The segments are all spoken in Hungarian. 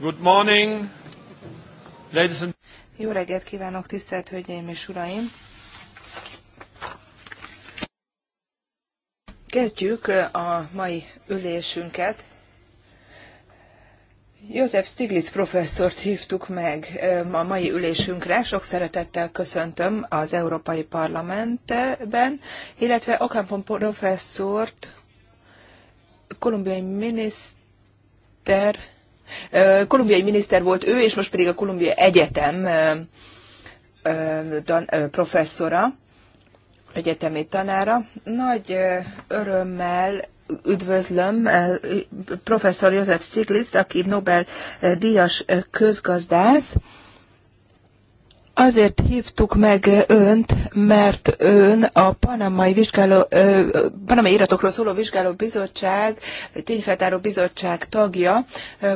Good morning, ladies and... Jó reggelt kívánok, tisztelt Hölgyeim és Uraim! Kezdjük a mai ülésünket. József Stiglitz professzort hívtuk meg eh, a mai ülésünkre. Sok szeretettel köszöntöm az Európai Parlamentben, illetve Okampon professzort, kolumbiai miniszter, kolumbiai miniszter volt ő, és most pedig a Kolumbia Egyetem professzora, egyetemi tanára. Nagy örömmel üdvözlöm professzor József Sziglitz, aki Nobel-díjas közgazdász, Azért hívtuk meg önt, mert ön a panamai, vizsgáló, panamai iratokról szóló vizsgáló bizottság, tényfeltáró bizottság tagja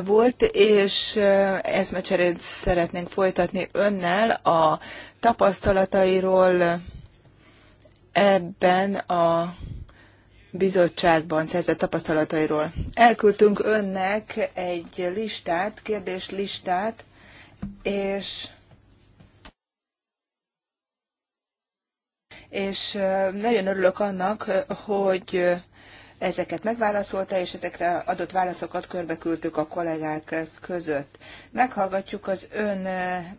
volt, és eszmecserét szeretnénk folytatni önnel a tapasztalatairól ebben a bizottságban szerzett tapasztalatairól. Elküldtünk önnek egy listát, kérdéslistát, és és nagyon örülök annak, hogy ezeket megválaszolta, és ezekre adott válaszokat körbeküldtük a kollégák között. Meghallgatjuk az ön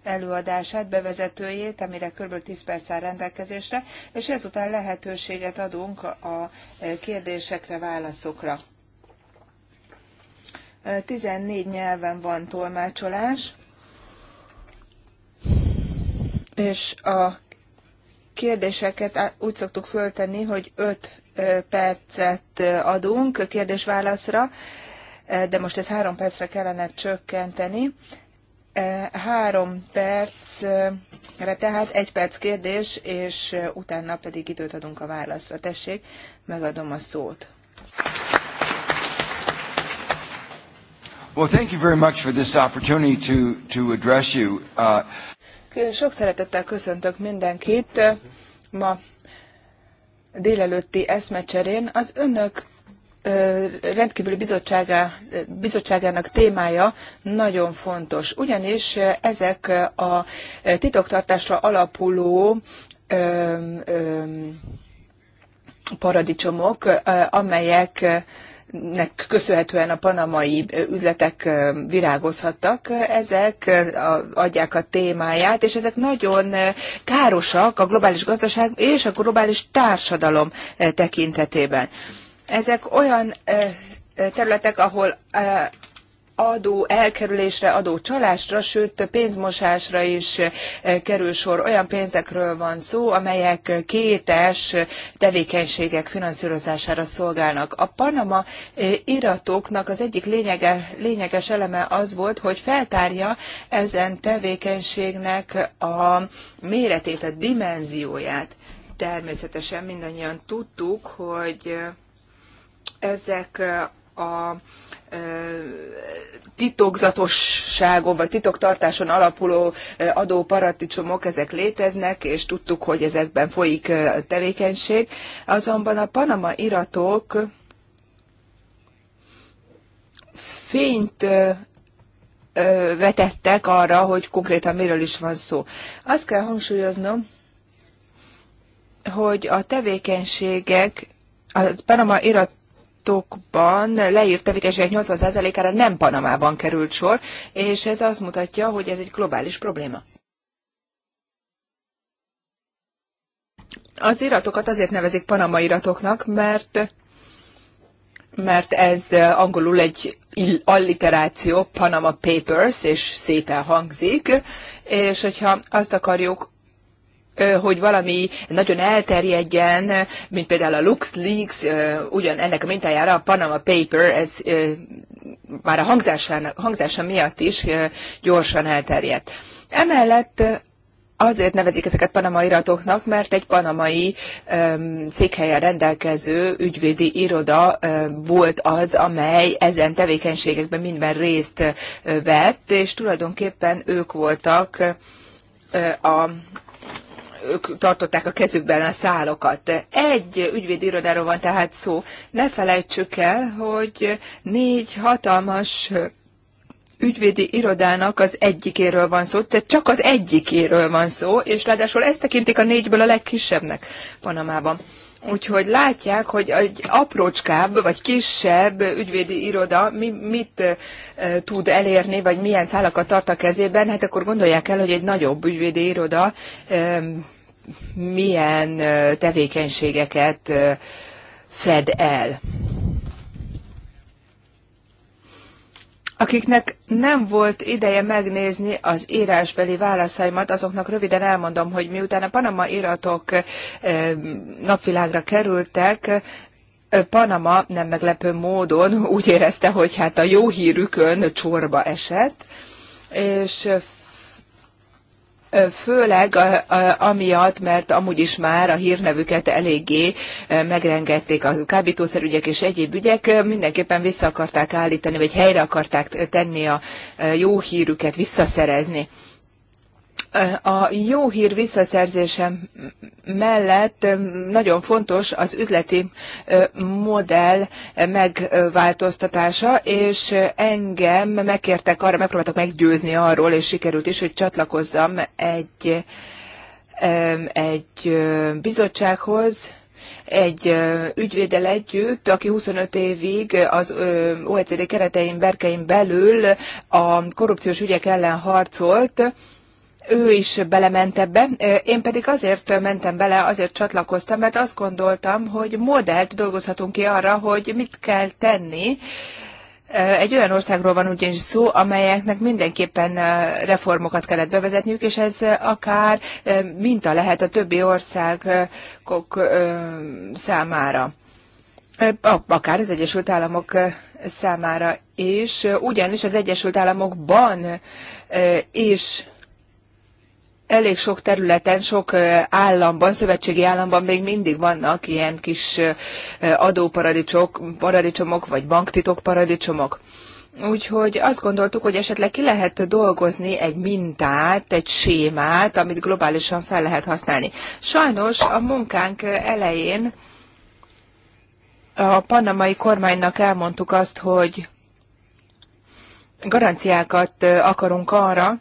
előadását, bevezetőjét, amire kb. 10 perc áll rendelkezésre, és ezután lehetőséget adunk a kérdésekre, válaszokra. 14 nyelven van tolmácsolás, és a kérdéseket úgy szoktuk föltenni, hogy 5 percet adunk kérdés-válaszra, de most ez három percre kellene csökkenteni. Három percre, tehát egy perc kérdés, és utána pedig időt adunk a válaszra. Tessék, megadom a szót. Well, thank you very much for this opportunity to, to address you. Uh, sok szeretettel köszöntök mindenkit ma délelőtti eszmecserén. Az önök rendkívüli bizottságá, bizottságának témája nagyon fontos, ugyanis ezek a titoktartásra alapuló paradicsomok, amelyek nek köszönhetően a panamai üzletek virágozhattak, ezek adják a témáját, és ezek nagyon károsak a globális gazdaság és a globális társadalom tekintetében. Ezek olyan területek, ahol adó elkerülésre, adó csalásra, sőt pénzmosásra is eh, kerül sor. Olyan pénzekről van szó, amelyek kétes tevékenységek finanszírozására szolgálnak. A Panama eh, iratoknak az egyik lényege, lényeges eleme az volt, hogy feltárja ezen tevékenységnek a méretét, a dimenzióját. Természetesen mindannyian tudtuk, hogy eh, ezek a titokzatosságon vagy titoktartáson alapuló adóparadicsomok, ezek léteznek, és tudtuk, hogy ezekben folyik tevékenység. Azonban a Panama iratok fényt vetettek arra, hogy konkrétan miről is van szó. Azt kell hangsúlyoznom, hogy a tevékenységek, a Panama irat adatokban leírt tevékenységek 80%-ára nem Panamában került sor, és ez azt mutatja, hogy ez egy globális probléma. Az iratokat azért nevezik panama iratoknak, mert mert ez angolul egy alliteráció, Panama Papers, és szépen hangzik, és hogyha azt akarjuk hogy valami nagyon elterjedjen, mint például a LuxLeaks, ugyan ennek a mintájára a Panama Paper, ez már a hangzása miatt is gyorsan elterjedt. Emellett azért nevezik ezeket panamai iratoknak, mert egy panamai székhelyen rendelkező ügyvédi iroda volt az, amely ezen tevékenységekben minden részt vett, és tulajdonképpen ők voltak a ők tartották a kezükben a szálokat. Egy irodáról van tehát szó. Ne felejtsük el, hogy négy hatalmas ügyvédi irodának az egyikéről van szó, tehát csak az egyikéről van szó, és ráadásul ezt tekintik a négyből a legkisebbnek Panamában. Úgyhogy látják, hogy egy aprócskább vagy kisebb ügyvédi iroda mi, mit e, tud elérni, vagy milyen szálakat tart a kezében, hát akkor gondolják el, hogy egy nagyobb ügyvédi iroda e, milyen tevékenységeket fed el. Akiknek nem volt ideje megnézni az írásbeli válaszaimat, azoknak röviden elmondom, hogy miután a Panama iratok napvilágra kerültek, Panama nem meglepő módon úgy érezte, hogy hát a jó hírükön csorba esett, és főleg amiatt, mert amúgy is már a hírnevüket eléggé megrengették a kábítószerügyek és egyéb ügyek, mindenképpen vissza akarták állítani, vagy helyre akarták tenni a jó hírüket, visszaszerezni. A jó hír visszaszerzése mellett nagyon fontos az üzleti modell megváltoztatása, és engem megkértek arra, megpróbáltak meggyőzni arról, és sikerült is, hogy csatlakozzam egy, egy bizottsághoz, egy ügyvédel együtt, aki 25 évig az OECD keretein, berkein belül a korrupciós ügyek ellen harcolt, ő is belement ebbe, én pedig azért mentem bele, azért csatlakoztam, mert azt gondoltam, hogy modellt dolgozhatunk ki arra, hogy mit kell tenni, egy olyan országról van ugyanis szó, amelyeknek mindenképpen reformokat kellett bevezetniük, és ez akár minta lehet a többi országok számára. Akár az Egyesült Államok számára is, ugyanis az Egyesült Államokban is elég sok területen, sok államban, szövetségi államban még mindig vannak ilyen kis adóparadicsomok, vagy banktitok paradicsomok. Úgyhogy azt gondoltuk, hogy esetleg ki lehet dolgozni egy mintát, egy sémát, amit globálisan fel lehet használni. Sajnos a munkánk elején a panamai kormánynak elmondtuk azt, hogy garanciákat akarunk arra,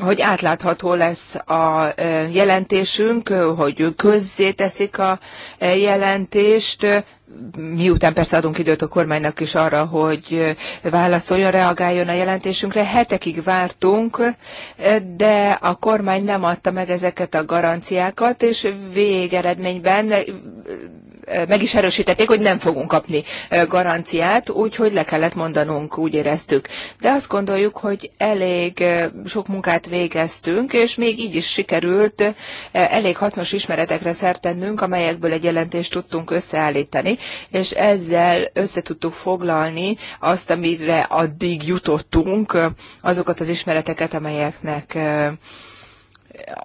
hogy átlátható lesz a jelentésünk, hogy közzé teszik a jelentést, miután persze adunk időt a kormánynak is arra, hogy válaszoljon, reagáljon a jelentésünkre. Hetekig vártunk, de a kormány nem adta meg ezeket a garanciákat, és végeredményben meg is erősítették, hogy nem fogunk kapni garanciát, úgyhogy le kellett mondanunk, úgy éreztük. De azt gondoljuk, hogy elég sok munkát végeztünk, és még így is sikerült elég hasznos ismeretekre szert tennünk, amelyekből egy jelentést tudtunk összeállítani, és ezzel össze tudtuk foglalni azt, amire addig jutottunk, azokat az ismereteket, amelyeknek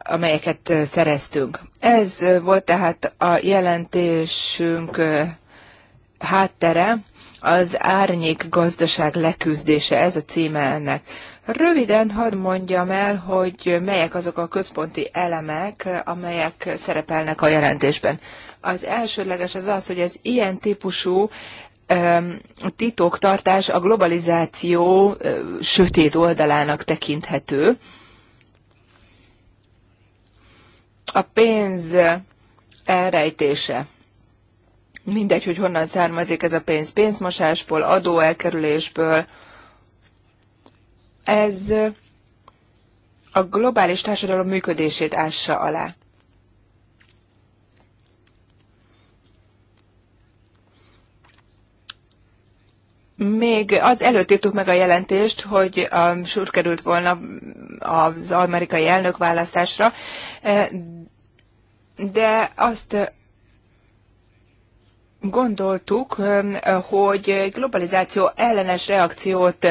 amelyeket szereztünk. Ez volt tehát a jelentésünk háttere, az árnyék gazdaság leküzdése, ez a címe ennek. Röviden hadd mondjam el, hogy melyek azok a központi elemek, amelyek szerepelnek a jelentésben. Az elsőleges az az, hogy ez ilyen típusú titoktartás a globalizáció sötét oldalának tekinthető. a pénz elrejtése. Mindegy, hogy honnan származik ez a pénz, pénzmosásból, adóelkerülésből. Ez a globális társadalom működését ássa alá. Még az előtt írtuk meg a jelentést, hogy um, került volna az amerikai elnök választásra eh, de azt gondoltuk, hogy globalizáció ellenes reakciót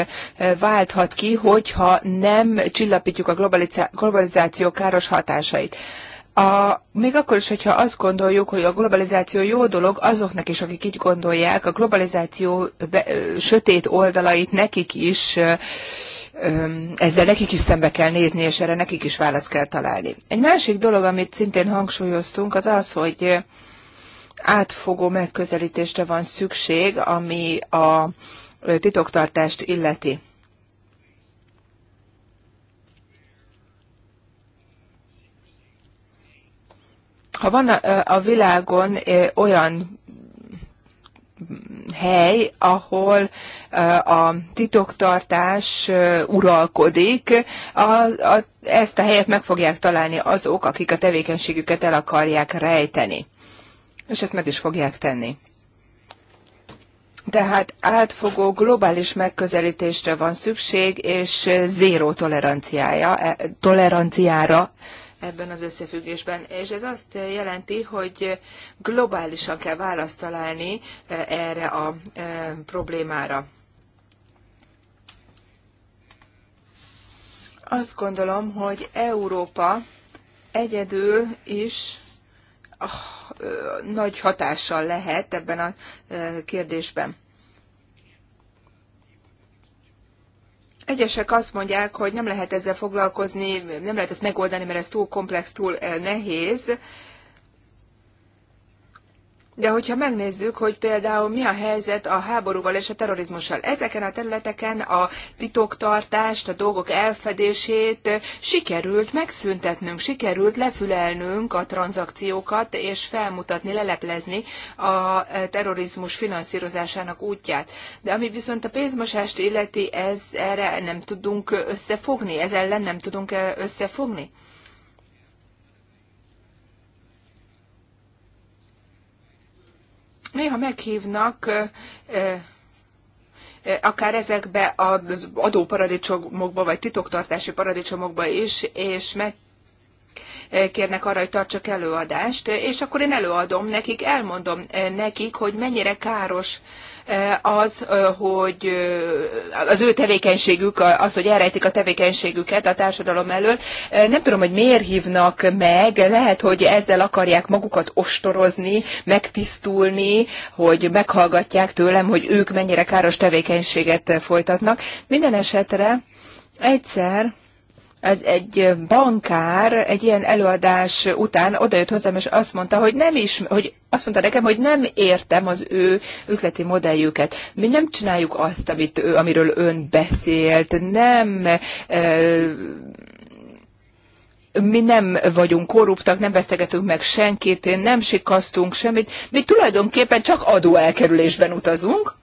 válthat ki, hogyha nem csillapítjuk a globalizáció káros hatásait. A, még akkor is, hogyha azt gondoljuk, hogy a globalizáció jó dolog, azoknak is, akik így gondolják, a globalizáció be, sötét oldalait nekik is ezzel nekik is szembe kell nézni, és erre nekik is választ kell találni. Egy másik dolog, amit szintén hangsúlyoztunk, az az, hogy átfogó megközelítésre van szükség, ami a titoktartást illeti. Ha van a, a világon olyan hely, ahol a titoktartás uralkodik. A, a, ezt a helyet meg fogják találni azok, akik a tevékenységüket el akarják rejteni. És ezt meg is fogják tenni. Tehát átfogó globális megközelítésre van szükség, és zéró toleranciája, e, toleranciára ebben az összefüggésben. És ez azt jelenti, hogy globálisan kell választ találni e, erre a e, problémára. Azt gondolom, hogy Európa egyedül is ah, nagy hatással lehet ebben a e, kérdésben. Egyesek azt mondják, hogy nem lehet ezzel foglalkozni, nem lehet ezt megoldani, mert ez túl komplex, túl eh, nehéz. De hogyha megnézzük, hogy például mi a helyzet a háborúval és a terrorizmussal, ezeken a területeken a titoktartást, a dolgok elfedését sikerült megszüntetnünk, sikerült lefülelnünk a tranzakciókat és felmutatni, leleplezni a terrorizmus finanszírozásának útját. De ami viszont a pénzmosást illeti, ez erre nem tudunk összefogni, ez ellen nem tudunk összefogni. Néha meghívnak akár ezekbe az adóparadicsomokba, vagy titoktartási paradicsomokba is, és meg kérnek arra, hogy tartsak előadást, és akkor én előadom nekik, elmondom nekik, hogy mennyire káros az, hogy az ő tevékenységük, az, hogy elrejtik a tevékenységüket a társadalom elől. Nem tudom, hogy miért hívnak meg, lehet, hogy ezzel akarják magukat ostorozni, megtisztulni, hogy meghallgatják tőlem, hogy ők mennyire káros tevékenységet folytatnak. Minden esetre egyszer az egy bankár egy ilyen előadás után odajött hozzám, és azt mondta, hogy nem is, hogy azt mondta nekem, hogy nem értem az ő üzleti modelljüket. Mi nem csináljuk azt, amit ő, amiről ön beszélt, nem e, mi nem vagyunk korruptak, nem vesztegetünk meg senkit, nem sikasztunk semmit, mi tulajdonképpen csak adóelkerülésben utazunk,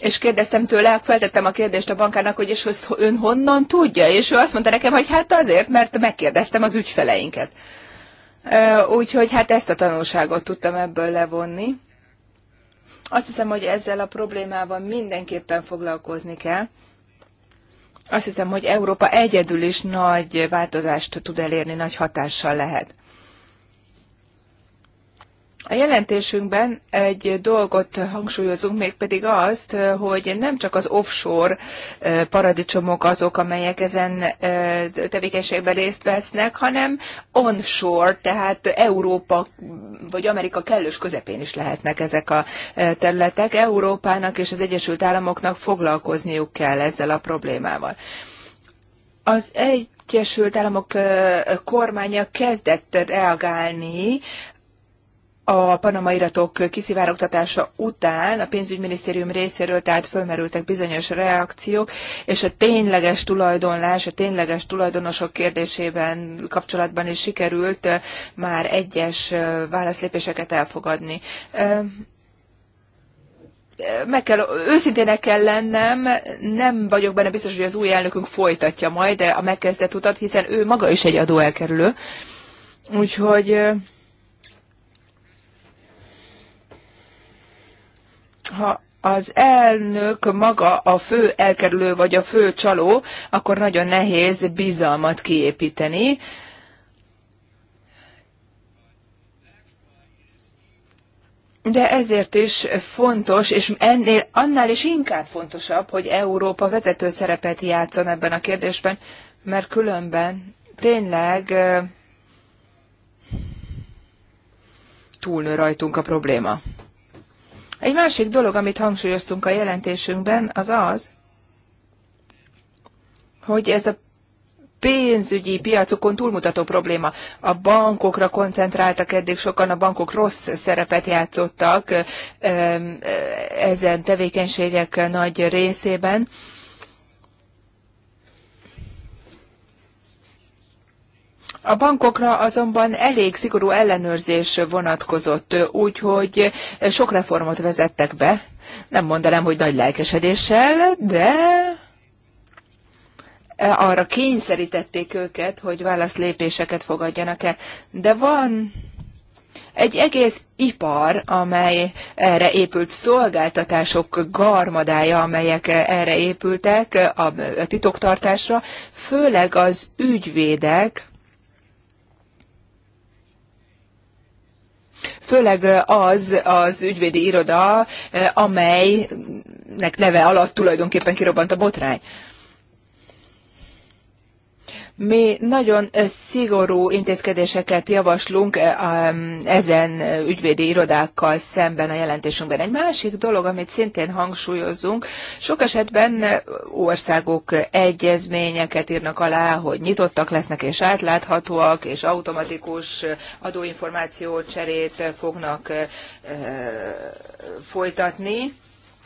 és kérdeztem tőle, feltettem a kérdést a bankának, hogy és hogy ön honnan tudja, és ő azt mondta nekem, hogy hát azért, mert megkérdeztem az ügyfeleinket. Úgyhogy hát ezt a tanulságot tudtam ebből levonni. Azt hiszem, hogy ezzel a problémával mindenképpen foglalkozni kell. Azt hiszem, hogy Európa egyedül is nagy változást tud elérni, nagy hatással lehet. A jelentésünkben egy dolgot hangsúlyozunk, mégpedig azt, hogy nem csak az offshore paradicsomok azok, amelyek ezen tevékenységben részt vesznek, hanem onshore, tehát Európa vagy Amerika kellős közepén is lehetnek ezek a területek. Európának és az Egyesült Államoknak foglalkozniuk kell ezzel a problémával. Az egy Egyesült Államok kormánya kezdett reagálni a panama iratok kiszivárogtatása után a pénzügyminisztérium részéről tehát fölmerültek bizonyos reakciók, és a tényleges tulajdonlás, a tényleges tulajdonosok kérdésében kapcsolatban is sikerült már egyes válaszlépéseket elfogadni meg kell, őszintének kell lennem, nem vagyok benne biztos, hogy az új elnökünk folytatja majd a megkezdett utat, hiszen ő maga is egy adóelkerülő. Úgyhogy ha az elnök maga a fő elkerülő vagy a fő csaló, akkor nagyon nehéz bizalmat kiépíteni. De ezért is fontos, és ennél annál is inkább fontosabb, hogy Európa vezető szerepet játszon ebben a kérdésben, mert különben tényleg túlnő rajtunk a probléma. Egy másik dolog, amit hangsúlyoztunk a jelentésünkben, az az, hogy ez a pénzügyi piacokon túlmutató probléma. A bankokra koncentráltak eddig sokan, a bankok rossz szerepet játszottak ezen tevékenységek nagy részében. A bankokra azonban elég szigorú ellenőrzés vonatkozott, úgyhogy sok reformot vezettek be. Nem mondanám, hogy nagy lelkesedéssel, de arra kényszerítették őket, hogy válaszlépéseket fogadjanak el. De van egy egész ipar, amely erre épült, szolgáltatások garmadája, amelyek erre épültek a titoktartásra, főleg az ügyvédek, Főleg az az ügyvédi iroda, amelynek neve alatt tulajdonképpen kirobbant a botrány. Mi nagyon szigorú intézkedéseket javaslunk ezen ügyvédi irodákkal szemben a jelentésünkben. Egy másik dolog, amit szintén hangsúlyozunk, sok esetben országok egyezményeket írnak alá, hogy nyitottak lesznek és átláthatóak, és automatikus adóinformáció cserét fognak folytatni,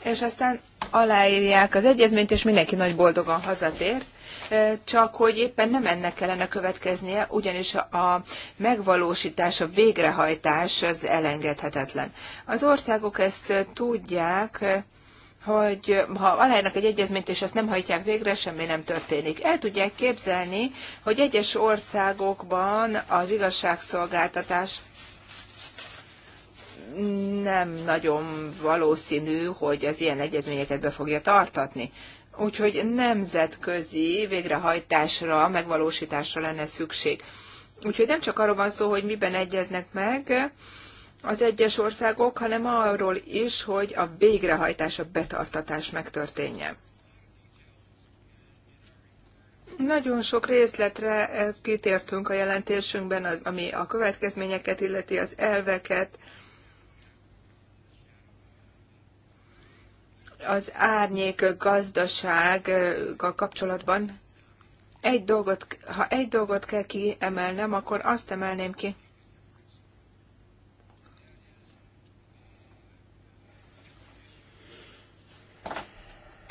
és aztán aláírják az egyezményt, és mindenki nagy boldogan hazatér csak hogy éppen nem ennek kellene következnie, ugyanis a megvalósítás, a végrehajtás az elengedhetetlen. Az országok ezt tudják, hogy ha aláírnak egy egyezményt, és azt nem hajtják végre, semmi nem történik. El tudják képzelni, hogy egyes országokban az igazságszolgáltatás nem nagyon valószínű, hogy az ilyen egyezményeket be fogja tartatni úgyhogy nemzetközi végrehajtásra, megvalósításra lenne szükség. Úgyhogy nem csak arról van szó, hogy miben egyeznek meg az egyes országok, hanem arról is, hogy a végrehajtás, a betartatás megtörténjen. Nagyon sok részletre kitértünk a jelentésünkben, ami a következményeket illeti, az elveket, az árnyék gazdasággal kapcsolatban egy dolgot, ha egy dolgot kell kiemelnem, akkor azt emelném ki,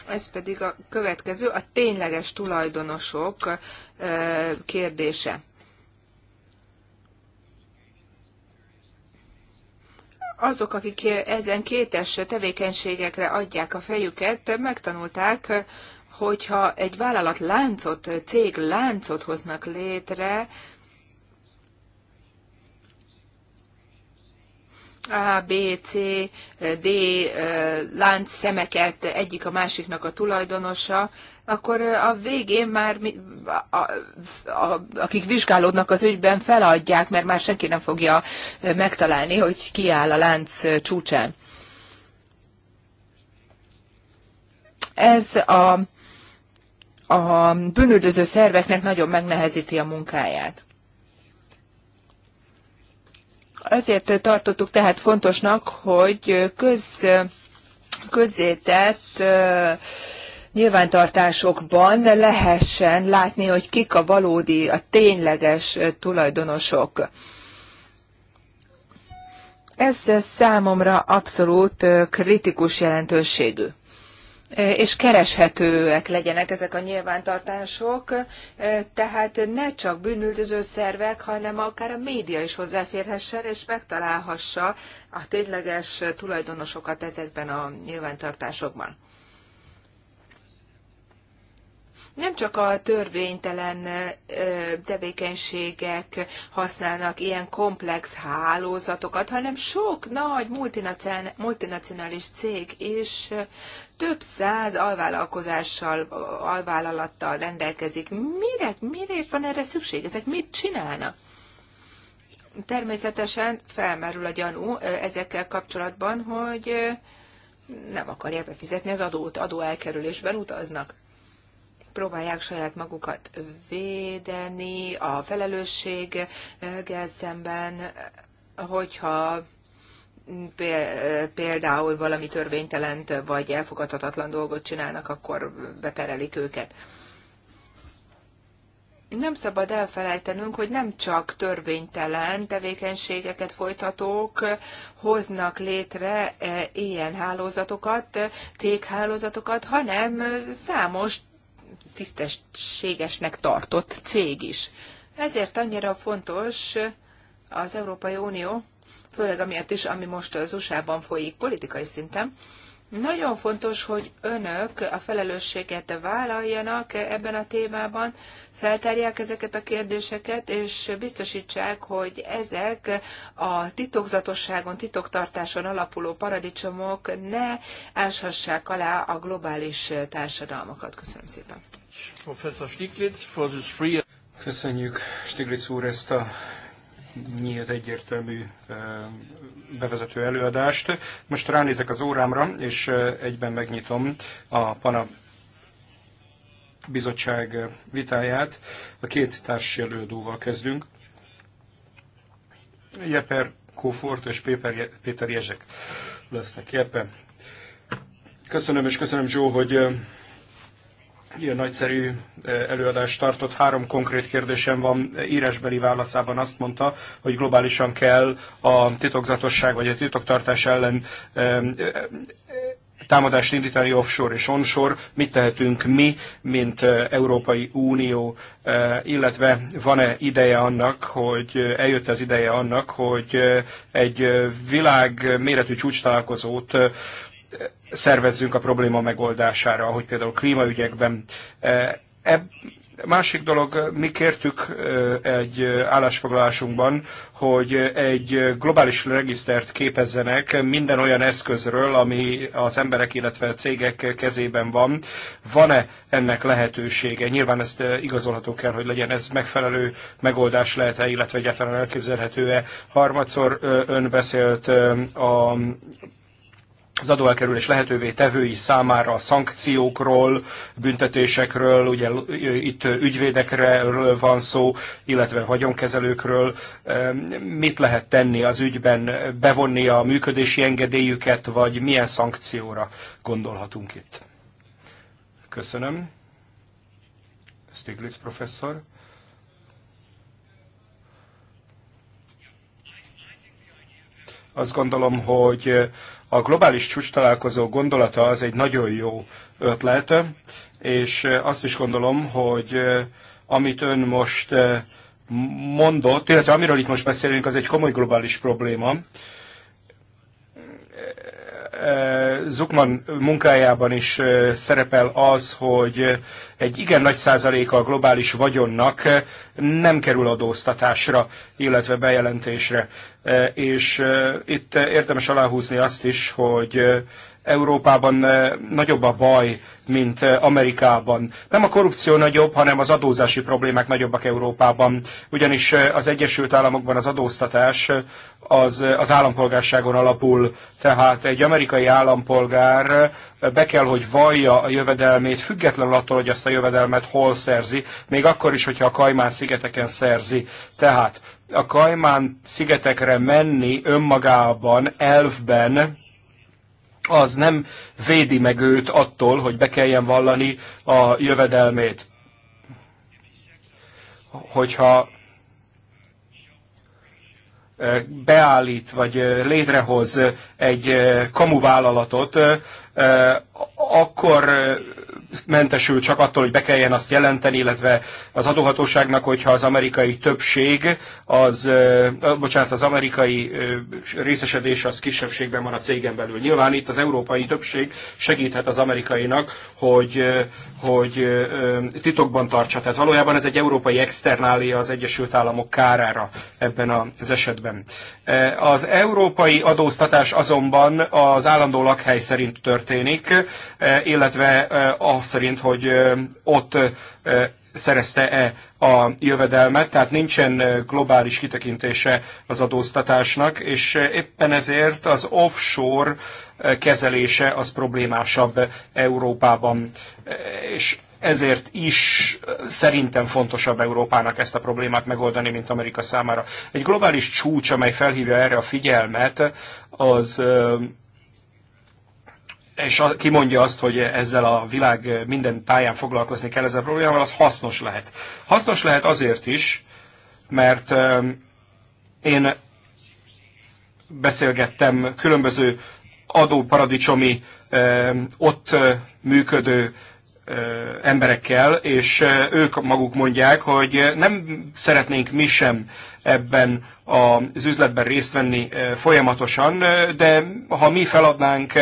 Ez pedig a következő, a tényleges tulajdonosok eh, kérdése. azok, akik ezen kétes tevékenységekre adják a fejüket, megtanulták, hogyha egy vállalat láncot, cég láncot hoznak létre, A, B, C, D lánc szemeket egyik a másiknak a tulajdonosa, akkor a végén már a, a, a, akik vizsgálódnak az ügyben feladják, mert már senki nem fogja megtalálni, hogy ki áll a lánc csúcsán. Ez a, a bűnöldöző szerveknek nagyon megnehezíti a munkáját. Azért tartottuk tehát fontosnak, hogy köz, közzétett nyilvántartásokban lehessen látni, hogy kik a valódi, a tényleges tulajdonosok. Ez számomra abszolút kritikus jelentőségű és kereshetőek legyenek ezek a nyilvántartások, tehát ne csak bűnüldöző szervek, hanem akár a média is hozzáférhessen és megtalálhassa a tényleges tulajdonosokat ezekben a nyilvántartásokban. Nem csak a törvénytelen tevékenységek használnak ilyen komplex hálózatokat, hanem sok nagy multinacionális cég is több száz alvállalkozással, alvállalattal rendelkezik. Mire, miért van erre szükség? Ezek mit csinálnak? Természetesen felmerül a gyanú ezekkel kapcsolatban, hogy nem akarják befizetni az adót, adóelkerülésben utaznak. Próbálják saját magukat védeni a felelősséggel szemben, hogyha például valami törvénytelent vagy elfogadhatatlan dolgot csinálnak, akkor beperelik őket. Nem szabad elfelejtenünk, hogy nem csak törvénytelen tevékenységeket folytatók hoznak létre e, ilyen hálózatokat, céghálózatokat, hanem számos tisztességesnek tartott cég is. Ezért annyira fontos az Európai Unió, főleg amiatt is, ami most az USA-ban folyik politikai szinten. Nagyon fontos, hogy önök a felelősséget vállaljanak ebben a témában, feltárják ezeket a kérdéseket, és biztosítsák, hogy ezek a titokzatosságon, titoktartáson alapuló paradicsomok ne áshassák alá a globális társadalmakat. Köszönöm szépen. Stiglitz, Köszönjük Stiglitz úr ezt a nyílt egyértelmű bevezető előadást. Most ránézek az órámra, és egyben megnyitom a PANA bizottság vitáját. A két társjelöldóval kezdünk. Jeper Kófort és Péper, Péter Jezsek lesznek. Jeppe. köszönöm, és köszönöm Zsó, hogy nagyon nagyszerű előadást tartott. Három konkrét kérdésem van. Írásbeli válaszában azt mondta, hogy globálisan kell a titokzatosság vagy a titoktartás ellen támadást indítani offshore és onshore, mit tehetünk mi, mint Európai Unió, illetve van-e ideje annak, hogy eljött az ideje annak, hogy egy világ méretű csúcs találkozót szervezzünk a probléma megoldására, ahogy például klímaügyekben. Ebb, e, másik dolog, mi kértük e, egy állásfoglalásunkban, hogy egy globális regisztert képezzenek minden olyan eszközről, ami az emberek, illetve a cégek kezében van. Van-e ennek lehetősége? Nyilván ezt igazolható kell, hogy legyen ez megfelelő megoldás lehet-e, illetve egyáltalán elképzelhető-e. Harmadszor ön beszélt a az adóelkerülés lehetővé tevői számára a szankciókról, büntetésekről, ugye itt ügyvédekről van szó, illetve vagyonkezelőkről. Mit lehet tenni az ügyben, bevonni a működési engedélyüket, vagy milyen szankcióra gondolhatunk itt? Köszönöm. Stiglitz professzor. Azt gondolom, hogy a globális csúcs találkozó gondolata az egy nagyon jó ötlet, és azt is gondolom, hogy amit ön most mondott, illetve amiről itt most beszélünk, az egy komoly globális probléma, Eh, Zukman munkájában is eh, szerepel az, hogy egy igen nagy százaléka a globális vagyonnak eh, nem kerül adóztatásra, illetve bejelentésre. És itt érdemes aláhúzni azt is, hogy Európában eh, nagyobb a baj, mint eh, Amerikában. Nem a korrupció nagyobb, hanem az adózási problémák nagyobbak Európában. Ugyanis eh, az Egyesült Államokban az adóztatás az, az állampolgárságon alapul. Tehát egy amerikai állampolgár be kell, hogy vallja a jövedelmét, függetlenül attól, hogy ezt a jövedelmet hol szerzi, még akkor is, hogyha a Kajmán szigeteken szerzi. Tehát a Kajmán szigetekre menni önmagában, elfben az nem védi meg őt attól, hogy be kelljen vallani a jövedelmét. Hogyha eh, beállít, vagy eh, létrehoz egy eh, kamuvállalatot, akkor mentesül csak attól, hogy be kelljen azt jelenteni, illetve az adóhatóságnak, hogyha az amerikai többség, az, bocsánat, az amerikai részesedés az kisebbségben van a cégen belül. Nyilván itt az európai többség segíthet az amerikainak, hogy, hogy titokban tartsa. Tehát valójában ez egy európai externália az Egyesült Államok kárára ebben az esetben. Az európai adóztatás azonban az állandó lakhely szerint történt történik, eh, illetve eh, az szerint, hogy eh, ott szerezte-e a jövedelmet, tehát nincsen globális kitekintése az adóztatásnak, és éppen ezért az offshore kezelése az problémásabb Európában. És ezért is szerintem fontosabb Európának ezt a problémát megoldani, mint Amerika számára. Egy globális csúcs, amely felhívja erre a figyelmet, az és kimondja azt, hogy ezzel a világ minden táján foglalkozni kell ezzel a problémával, az hasznos lehet. Hasznos lehet azért is, mert um, én beszélgettem különböző adóparadicsomi um, ott uh, működő uh, emberekkel, és uh, ők maguk mondják, hogy nem szeretnénk mi sem ebben az üzletben részt venni folyamatosan, de ha mi feladnánk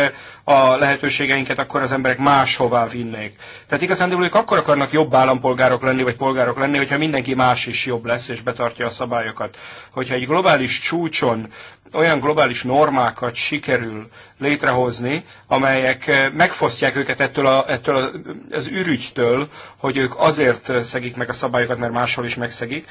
a lehetőségeinket, akkor az emberek máshová vinnék. Tehát igazán ők akkor akarnak jobb állampolgárok lenni, vagy polgárok lenni, hogyha mindenki más is jobb lesz, és betartja a szabályokat. Hogyha egy globális csúcson olyan globális normákat sikerül létrehozni, amelyek eh, megfosztják őket ettől, a, ettől az ürügytől, hogy ők azért eh, szegik meg a szabályokat, mert máshol is megszegik,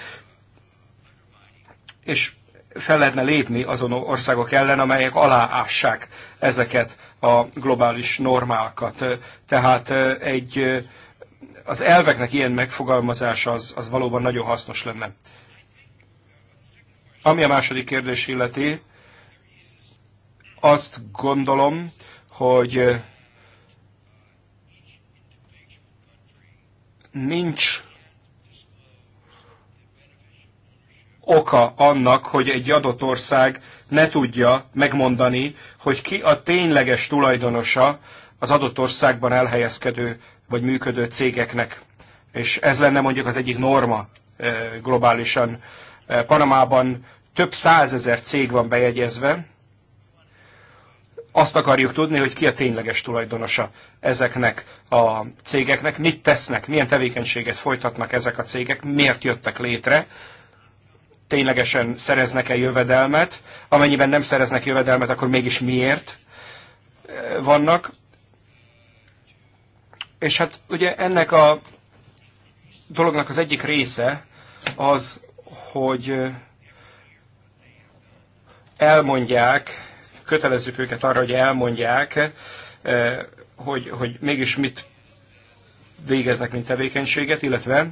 és fel lehetne lépni azon országok ellen, amelyek aláássák ezeket a globális normákat. Tehát egy, az elveknek ilyen megfogalmazása az, az valóban nagyon hasznos lenne. Ami a második kérdés illeti, azt gondolom, hogy nincs oka annak, hogy egy adott ország ne tudja megmondani, hogy ki a tényleges tulajdonosa az adott országban elhelyezkedő vagy működő cégeknek. És ez lenne mondjuk az egyik norma eh, globálisan. Eh, Panamában több százezer cég van bejegyezve, azt akarjuk tudni, hogy ki a tényleges tulajdonosa ezeknek a cégeknek, mit tesznek, milyen tevékenységet folytatnak ezek a cégek, miért jöttek létre, ténylegesen szereznek-e jövedelmet, amennyiben nem szereznek jövedelmet, akkor mégis miért eh, vannak. És hát ugye ennek a dolognak az egyik része az, hogy eh, elmondják, kötelezzük őket arra, hogy elmondják, eh, hogy, hogy mégis mit végeznek, mint tevékenységet, illetve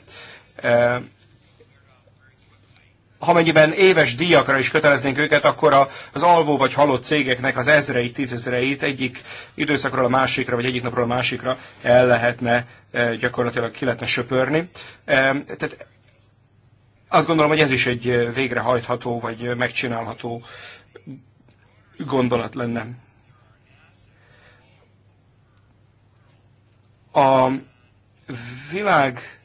ha mennyiben éves díjakra is köteleznénk őket, akkor az alvó vagy halott cégeknek az ezreit, tízezreit egyik időszakról a másikra, vagy egyik napról a másikra el lehetne e, gyakorlatilag ki lehetne söpörni. E, tehát azt gondolom, hogy ez is egy végrehajtható, vagy megcsinálható gondolat lenne. A világ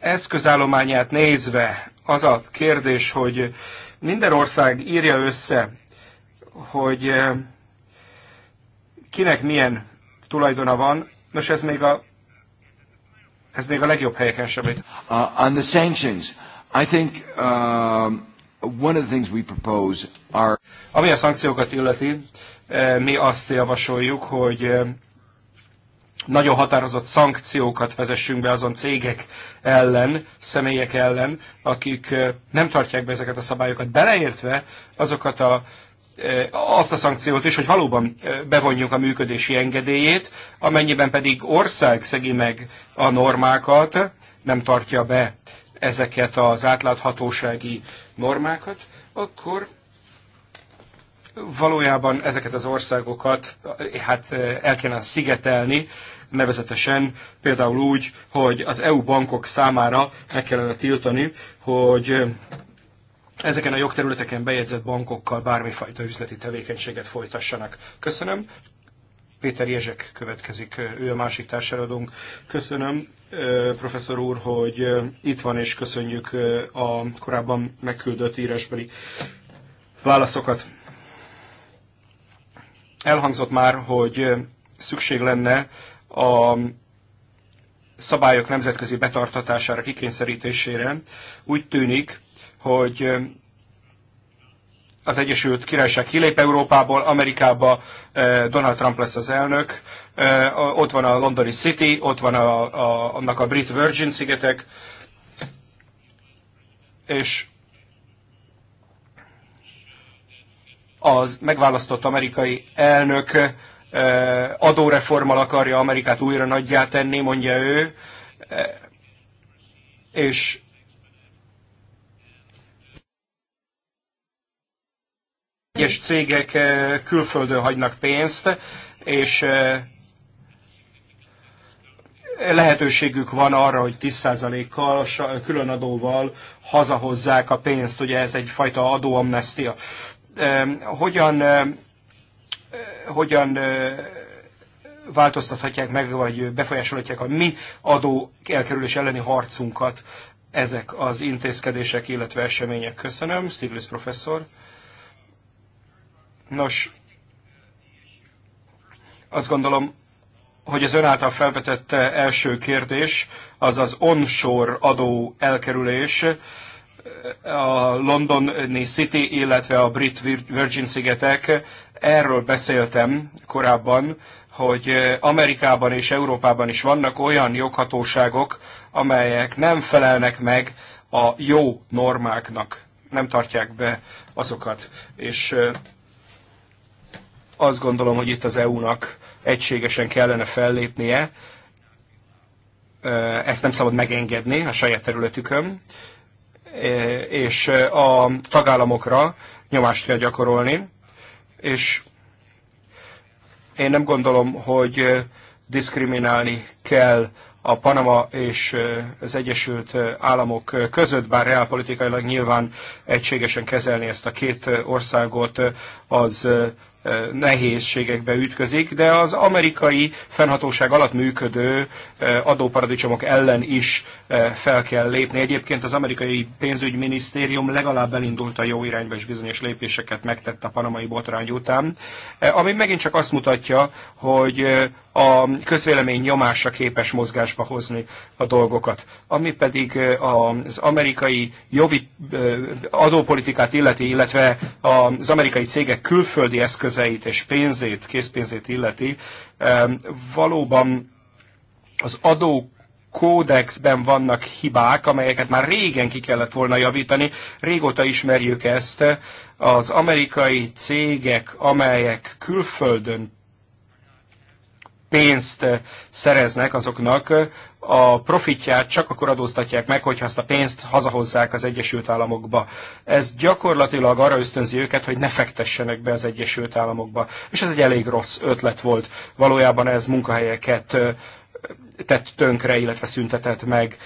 eszközállományát nézve, az a kérdés, hogy minden ország írja össze, hogy eh, kinek milyen tulajdona van. Nos, ez még a, ez még a legjobb helyeken sem. Uh, on the sanctions, I think uh, one of the things we propose are... Ami a szankciókat illeti, eh, mi azt javasoljuk, hogy eh, nagyon határozott szankciókat vezessünk be azon cégek ellen, személyek ellen, akik nem tartják be ezeket a szabályokat, beleértve azokat a azt a szankciót is, hogy valóban bevonjuk a működési engedélyét, amennyiben pedig ország szegi meg a normákat, nem tartja be ezeket az átláthatósági normákat, akkor valójában ezeket az országokat hát eh, el kellene szigetelni, nevezetesen például úgy, hogy az EU bankok számára meg kellene tiltani, hogy eh, ezeken a jogterületeken bejegyzett bankokkal bármifajta üzleti tevékenységet folytassanak. Köszönöm. Péter Jezsek következik, eh, ő a másik társadalmunk. Köszönöm, professzor úr, hogy itt van, és köszönjük a korábban megküldött írásbeli válaszokat. Elhangzott már, hogy szükség lenne a szabályok nemzetközi betartatására, kikényszerítésére. Úgy tűnik, hogy az Egyesült Királyság kilép Európából, Amerikába Donald Trump lesz az elnök, ott van a londoni City, ott van a, a, annak a brit Virgin szigetek, és az megválasztott amerikai elnök adóreformmal akarja Amerikát újra nagyjá tenni, mondja ő, és egyes cégek külföldön hagynak pénzt, és lehetőségük van arra, hogy 10%-kal, különadóval hazahozzák a pénzt. Ugye ez egyfajta adóamnestia hogyan, hogyan változtathatják meg, vagy befolyásolhatják a mi adó elkerülés elleni harcunkat ezek az intézkedések, illetve események. Köszönöm, Stiglitz professzor. Nos, azt gondolom, hogy az ön által felvetett első kérdés, az az onshore adó elkerülés, a Londoni City, illetve a brit Virgin szigetek. Erről beszéltem korábban, hogy Amerikában és Európában is vannak olyan joghatóságok, amelyek nem felelnek meg a jó normáknak, nem tartják be azokat. És azt gondolom, hogy itt az EU-nak egységesen kellene fellépnie, ezt nem szabad megengedni a saját területükön. Eh, és eh, a tagállamokra nyomást kell gyakorolni, és én nem gondolom, hogy eh, diszkriminálni kell a Panama és az Egyesült Államok között, bár reálpolitikailag nyilván egységesen kezelni ezt a két országot az nehézségekbe ütközik, de az amerikai fennhatóság alatt működő adóparadicsomok ellen is fel kell lépni. Egyébként az amerikai pénzügyminisztérium legalább elindult a jó irányba, és bizonyos lépéseket megtett a panamai botrány után, ami megint csak azt mutatja, hogy a közvélemény nyomásra képes mozgásba hozni a dolgokat. Ami pedig az amerikai jogi adópolitikát illeti, illetve az amerikai cégek külföldi eszközeit és pénzét, készpénzét illeti, valóban az adó kódexben vannak hibák, amelyeket már régen ki kellett volna javítani. Régóta ismerjük ezt. Az amerikai cégek, amelyek külföldön pénzt eh, szereznek, azoknak eh, a profitját csak akkor adóztatják meg, hogyha azt a pénzt hazahozzák az Egyesült Államokba. Ez gyakorlatilag arra ösztönzi őket, hogy ne fektessenek be az Egyesült Államokba. És ez egy elég rossz ötlet volt. Valójában ez munkahelyeket eh, tett tönkre, illetve szüntetett meg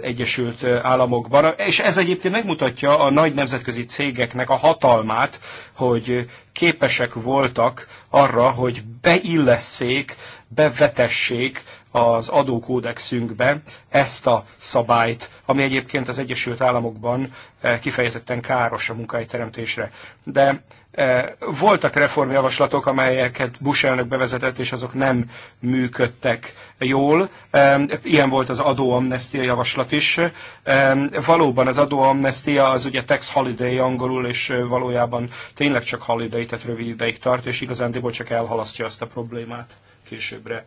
Egyesült Államokban. És ez egyébként megmutatja a nagy nemzetközi cégeknek a hatalmát, hogy képesek voltak arra, hogy beillesszék, bevetessék az adókódexünkbe ezt a szabályt, ami egyébként az Egyesült Államokban eh, kifejezetten káros a teremtésre. De eh, voltak reformjavaslatok, amelyeket Bush elnök bevezetett, és azok nem működtek jól. Eh, ilyen volt az adóamnestia javaslat is. Valóban az adóamnestia az ugye tax holiday angolul, és valójában tényleg csak holiday, tehát rövid ideig tart, és igazándiból csak elhalasztja azt a problémát későbbre.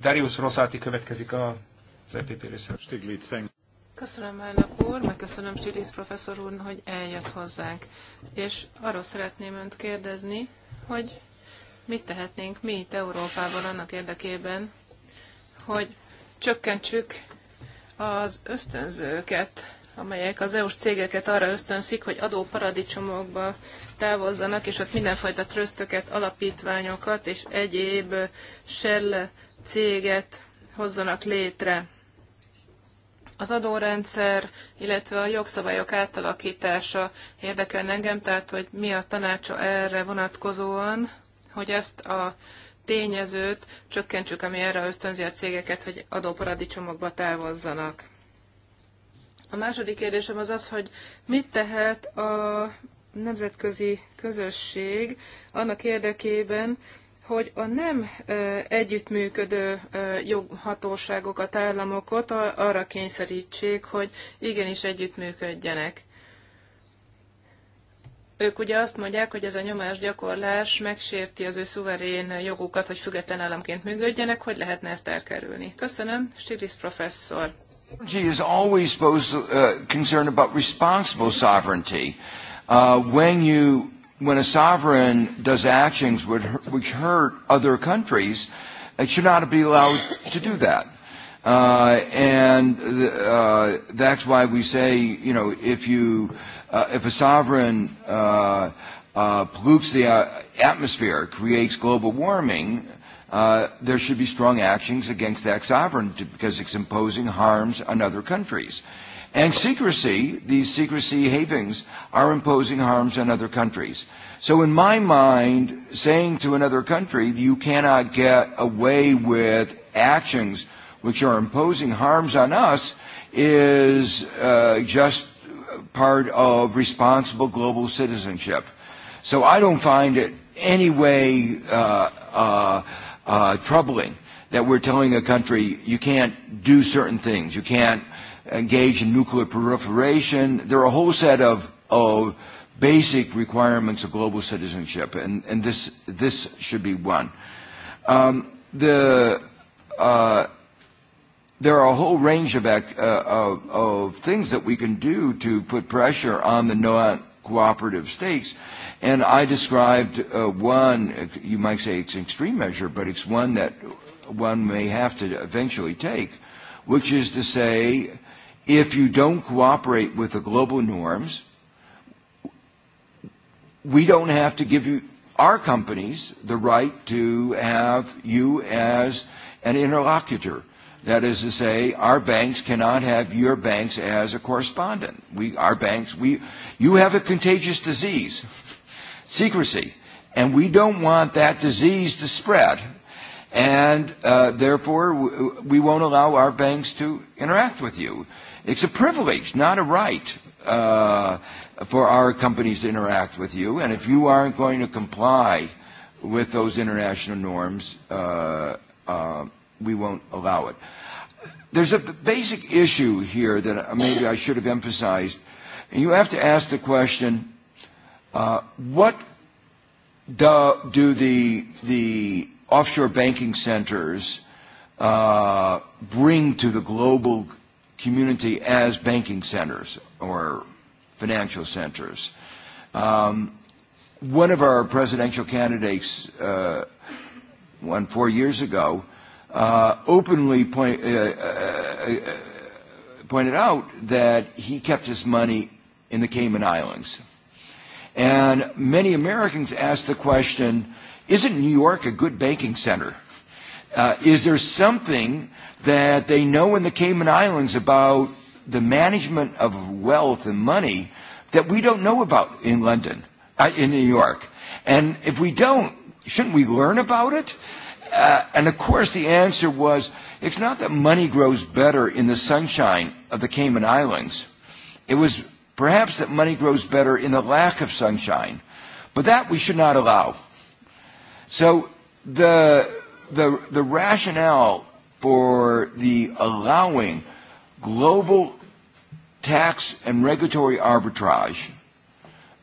Darius Rosati következik az EPP részéről. Köszönöm, elnök úr, megköszönöm Stiglitz professzor úr, hogy eljött hozzánk. És arról szeretném önt kérdezni, hogy mit tehetnénk mi itt Európában annak érdekében, hogy csökkentsük az ösztönzőket amelyek az EU-s cégeket arra ösztönzik, hogy adóparadicsomokba távozzanak, és ott mindenfajta trösztöket, alapítványokat és egyéb shell céget hozzanak létre. Az adórendszer, illetve a jogszabályok átalakítása érdekel engem, tehát hogy mi a tanácsa erre vonatkozóan, hogy ezt a tényezőt csökkentsük, ami erre ösztönzi a cégeket, hogy adóparadicsomokba távozzanak. A második kérdésem az az, hogy mit tehet a nemzetközi közösség annak érdekében, hogy a nem együttműködő joghatóságokat, államokat arra kényszerítsék, hogy igenis együttműködjenek. Ők ugye azt mondják, hogy ez a nyomásgyakorlás megsérti az ő szuverén jogukat, hogy független államként működjenek, hogy lehetne ezt elkerülni. Köszönöm, Stiglitz professzor sovereignty is always supposed, to, uh, concerned about responsible sovereignty. Uh, when you, when a sovereign does actions which, which hurt other countries, it should not be allowed to do that. Uh, and the, uh, that's why we say, you know, if you, uh, if a sovereign uh, uh, pollutes the uh, atmosphere, creates global warming, Uh, there should be strong actions against that sovereign to, because it's imposing harms on other countries. And secrecy, these secrecy havings, are imposing harms on other countries. So in my mind, saying to another country, you cannot get away with actions which are imposing harms on us is uh, just part of responsible global citizenship. So I don't find it any way uh, uh, uh, troubling that we're telling a country you can't do certain things, you can't engage in nuclear proliferation. There are a whole set of, of basic requirements of global citizenship, and, and this, this should be one. Um, the, uh, there are a whole range of, uh, of, of things that we can do to put pressure on the non-cooperative states And I described uh, one, you might say it's an extreme measure, but it's one that one may have to eventually take, which is to say, if you don't cooperate with the global norms, we don't have to give you, our companies, the right to have you as an interlocutor. That is to say, our banks cannot have your banks as a correspondent. We, our banks, we, you have a contagious disease secrecy. And we don't want that disease to spread. And uh, therefore, we won't allow our banks to interact with you. It's a privilege, not a right, uh, for our companies to interact with you. And if you aren't going to comply with those international norms, uh, uh, we won't allow it. There's a basic issue here that maybe I should have emphasized. And you have to ask the question, Uh, what do, the, offshore banking centers uh, bring to the global community as banking centers or financial centers? Um, one of our presidential candidates, uh, one four years ago, openly pointed out that he kept his money in the Cayman Islands. And many Americans ask the question, isn't New York a good banking center? Uh, is there something that they know in the Cayman Islands about the management of wealth and money that we don't know about in London, uh, in New York? And if we don't, shouldn't we learn about it? Uh, and of course, the answer was it's not that money grows better in the sunshine of the Cayman Islands. It was Perhaps that money grows better in the lack of sunshine, but that we should not allow. So the, the, the rationale for the allowing global tax and regulatory arbitrage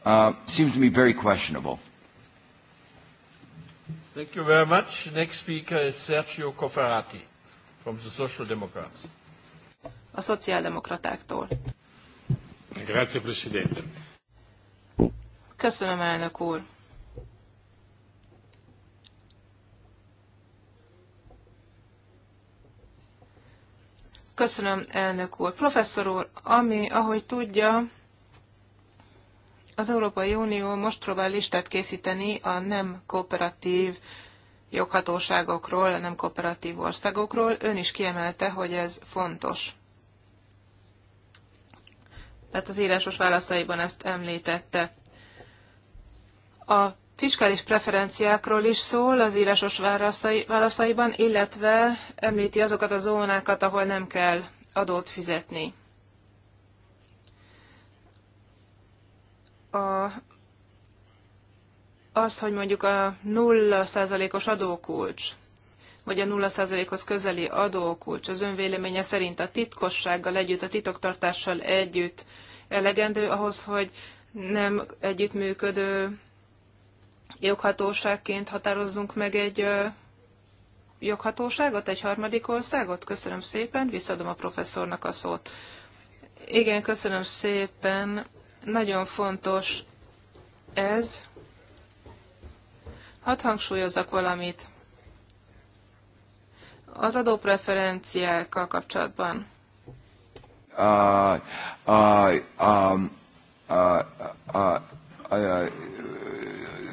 uh, seems to me very questionable. Thank you very much. Next speaker is Sergio Cofferati from the Social Democrats. A szociáldemokratáktól. Grazie, Presidente. Köszönöm, elnök úr. Köszönöm, elnök úr. Professzor úr, ami, ahogy tudja, az Európai Unió most próbál listát készíteni a nem kooperatív joghatóságokról, a nem kooperatív országokról. Ön is kiemelte, hogy ez fontos tehát az írásos válaszaiban ezt említette. A fiskális preferenciákról is szól az írásos válaszai, válaszaiban, illetve említi azokat a zónákat, ahol nem kell adót fizetni. A, az, hogy mondjuk a 0%-os adókulcs, vagy a 0%-hoz közeli adókulcs az önvéleménye szerint a titkossággal együtt, a titoktartással együtt elegendő ahhoz, hogy nem együttműködő joghatóságként határozzunk meg egy joghatóságot, egy harmadik országot? Köszönöm szépen, visszadom a professzornak a szót. Igen, köszönöm szépen. Nagyon fontos ez. Hadd hangsúlyozzak valamit az adópreferenciákkal kapcsolatban.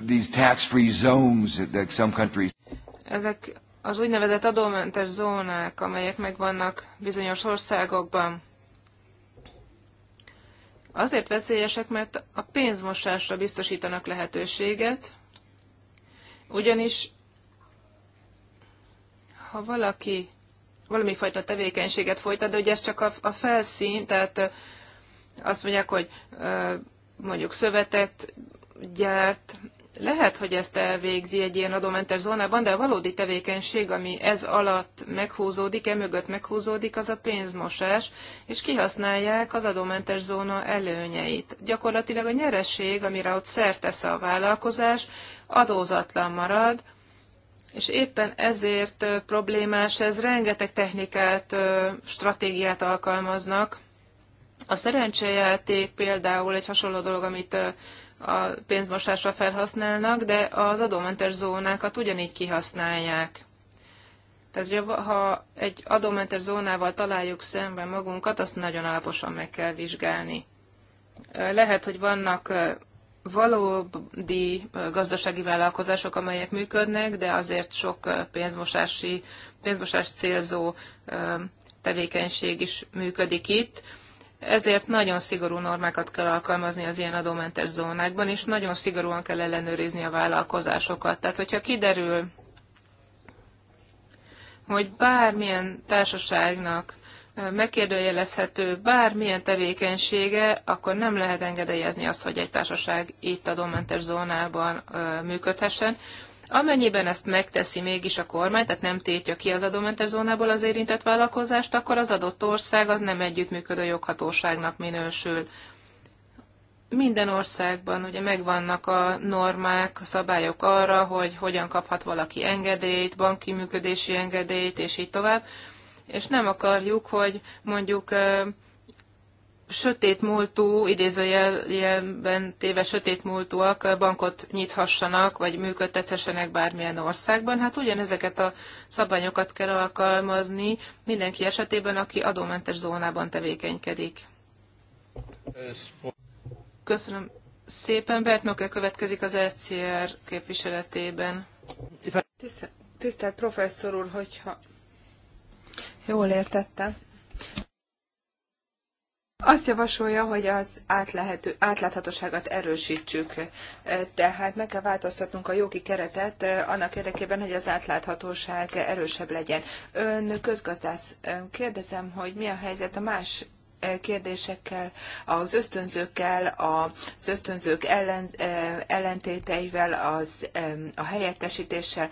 these tax-free zones that some countries. Ezek az úgynevezett adómentes zónák, amelyek megvannak bizonyos országokban. Azért veszélyesek, mert a pénzmosásra biztosítanak lehetőséget, ugyanis ha valaki valami fajta tevékenységet folytat, de ugye ez csak a, a felszín, tehát azt mondják, hogy mondjuk szövetet gyárt, lehet, hogy ezt elvégzi egy ilyen adómentes zónában, de a valódi tevékenység, ami ez alatt meghúzódik, e mögött meghúzódik, az a pénzmosás, és kihasználják az adómentes zóna előnyeit. Gyakorlatilag a nyereség, amire ott szertesz a vállalkozás, adózatlan marad, és éppen ezért problémás ez, rengeteg technikát, stratégiát alkalmaznak. A szerencsejáték például egy hasonló dolog, amit a pénzmosásra felhasználnak, de az adómentes zónákat ugyanígy kihasználják. Tehát, ha egy adómentes zónával találjuk szemben magunkat, azt nagyon alaposan meg kell vizsgálni. Lehet, hogy vannak valódi gazdasági vállalkozások, amelyek működnek, de azért sok pénzmosási, pénzmosás célzó tevékenység is működik itt. Ezért nagyon szigorú normákat kell alkalmazni az ilyen adómentes zónákban, és nagyon szigorúan kell ellenőrizni a vállalkozásokat. Tehát, hogyha kiderül, hogy bármilyen társaságnak megkérdőjelezhető bármilyen tevékenysége, akkor nem lehet engedélyezni azt, hogy egy társaság itt adómentes zónában működhessen. Amennyiben ezt megteszi mégis a kormány, tehát nem tétja ki az adómentes zónából az érintett vállalkozást, akkor az adott ország az nem együttműködő joghatóságnak minősül. Minden országban ugye megvannak a normák, a szabályok arra, hogy hogyan kaphat valaki engedélyt, banki működési engedélyt, és így tovább és nem akarjuk, hogy mondjuk sötét múltú, idézőjelben téve sötét múltúak bankot nyithassanak, vagy működtethessenek bármilyen országban. Hát ugyanezeket a szabályokat kell alkalmazni mindenki esetében, aki adómentes zónában tevékenykedik. Köszönöm szépen. Noke következik az ECR képviseletében. Tisztelt professzor úr, hogyha Jól értettem. Azt javasolja, hogy az átlehető, átláthatóságot erősítsük, tehát meg kell változtatnunk a jogi keretet annak érdekében, hogy az átláthatóság erősebb legyen. Ön közgazdász, kérdezem, hogy mi a helyzet a más kérdésekkel, az ösztönzőkkel, az ösztönzők ellen, eh, ellentéteivel, az, a helyettesítéssel.